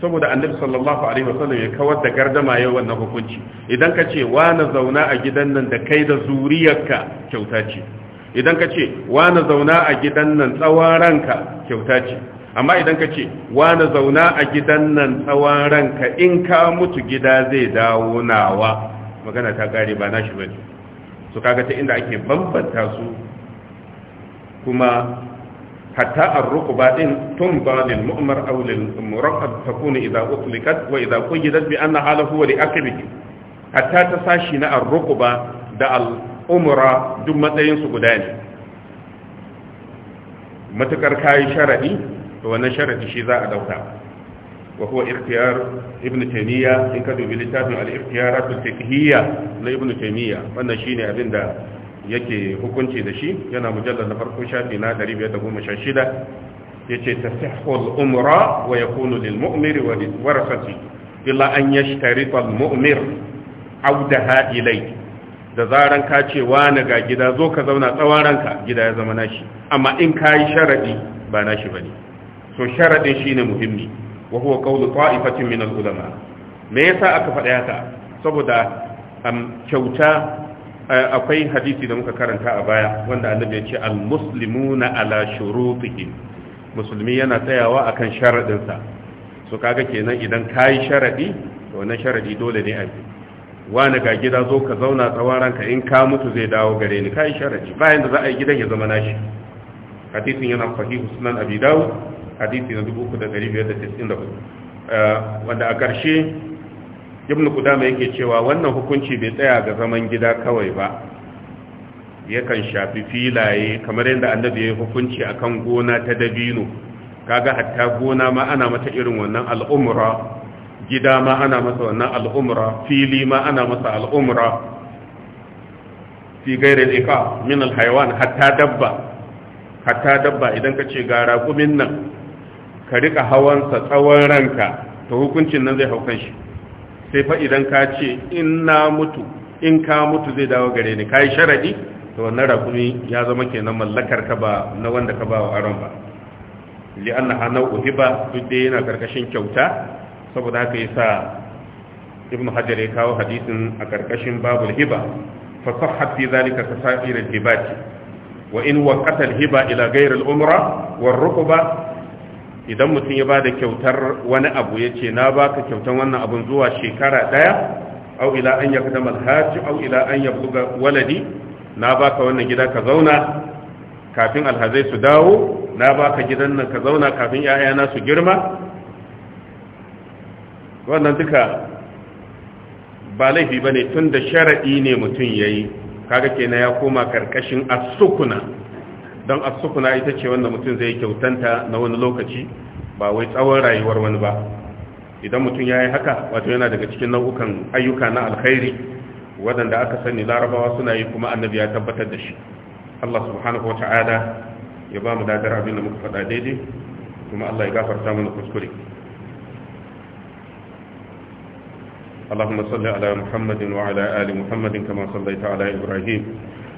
saboda annabi sallallahu alaihi wasallam ya kawar da gardama yau wannan hukunci idan ka ce na zauna a gidan nan da kai da zuriyarka kyauta ce idan ka ce na zauna a gidan nan tsawon ranka kyauta ce amma idan ka ce na zauna a gidan nan tsawon ranka in ka mutu gida zai dawo nawa magana ta kare ba nashi bane so kaga ta inda ake bambanta su kuma hata ar-ruqba din tunba lil mu'mar aw lil muraqqab takunu idha utliqat wa idha quyidat bi anna hatta ta sashi na ar da al-umra duk matsayin su guda ne matukar kayan sharadi to wannan shi za a dauka وهو اختيار ابن تيمية إن كانوا بلتاب الإختيارات الفقهية لابن تيمية وأن أبن yake hukunci da shi yana mujallar na farko shafi na 516 yace tasihhul umra wa yakunu lil mu'mir wa lil warasati illa an yashtarita al mu'mir awdaha ilay da zaran ka ce na ga gida zo ka zauna tsawon ranka gida ya zama nashi amma in kai sharadi ba nashi bane so sharadin shine muhimmi wa huwa qawlu ta'ifatin min al ulama me yasa aka faɗa haka saboda um, kyauta Eh, akwai hadisi da muka karanta a baya wanda annabi ya ce al-muslimuna ala shurutihim musulmi yana tsayawa akan sharadin sa so kaga kenan idan kai sharadi to wannan sharadi dole ne a bi wani ga gida zo ka zauna tsawaran ka in ka mutu zai dawo gare ni kai sharadi bayan da za a yi gidan ya zama nashi hadisin yana sahihu sunan abi dawud hadisi na 3594 eh, wanda a karshe ibn kudama yake cewa wannan hukunci bai tsaya ga zaman gida kawai ba yakan shafi filaye kamar yadda annabi ya yi hukunci akan gona ta dabino kaga hatta gona ma ana mata irin wannan al'umra gida ma ana masa wannan al'umra fili ma ana masa al'umra fi gairin ika min alhaiwan hatta dabba hatta dabba idan ka ce ga raƙumin nan ka rika hawansa tsawon ranka ta hukuncin nan zai haukan shi sai fa idan ka ce in na mutu in ka mutu zai dawo gare ni kai sharadi to wannan rakumi ya zama kenan mallakar ka ba na wanda ka ba wa aron ba li anna nau'u hiba duk dai yana karkashin kyauta saboda haka yasa ibnu hajar ya kawo hadisin a karkashin babul hiba fa sahha fi zalika kasair al-hibati wa in waqata al-hiba ila ghayr al-umra war-rukba idan mutum ya ba da kyautar wani abu ya ce na baka kyautar wannan abun zuwa shekara ɗaya au ila an ya kadama alhaji au ila an ya buga waladi na baka wannan gida ka zauna kafin alhazai su dawo na baka gidan nan ka zauna kafin 'ya'yana su girma wannan duka ba laifi ba ne tun da sharaɗi ne mutum ya yi kaga kenan ya koma karkashin asukuna don asukuna ita ce wanda mutum zai kyautanta na wani lokaci ba wai tsawon rayuwar wani ba idan mutum ya yi haka wato yana daga cikin nau'ukan ayyuka na alkhairi waɗanda aka sani larabawa suna yi kuma annabi ya tabbatar da shi Allah subhanahu wata'ala ya ba mu dadar abin da muka faɗa daidai kuma Allah ya gafarta mana kuskure اللهم صل على محمد وعلى آل محمد كما صليت على إبراهيم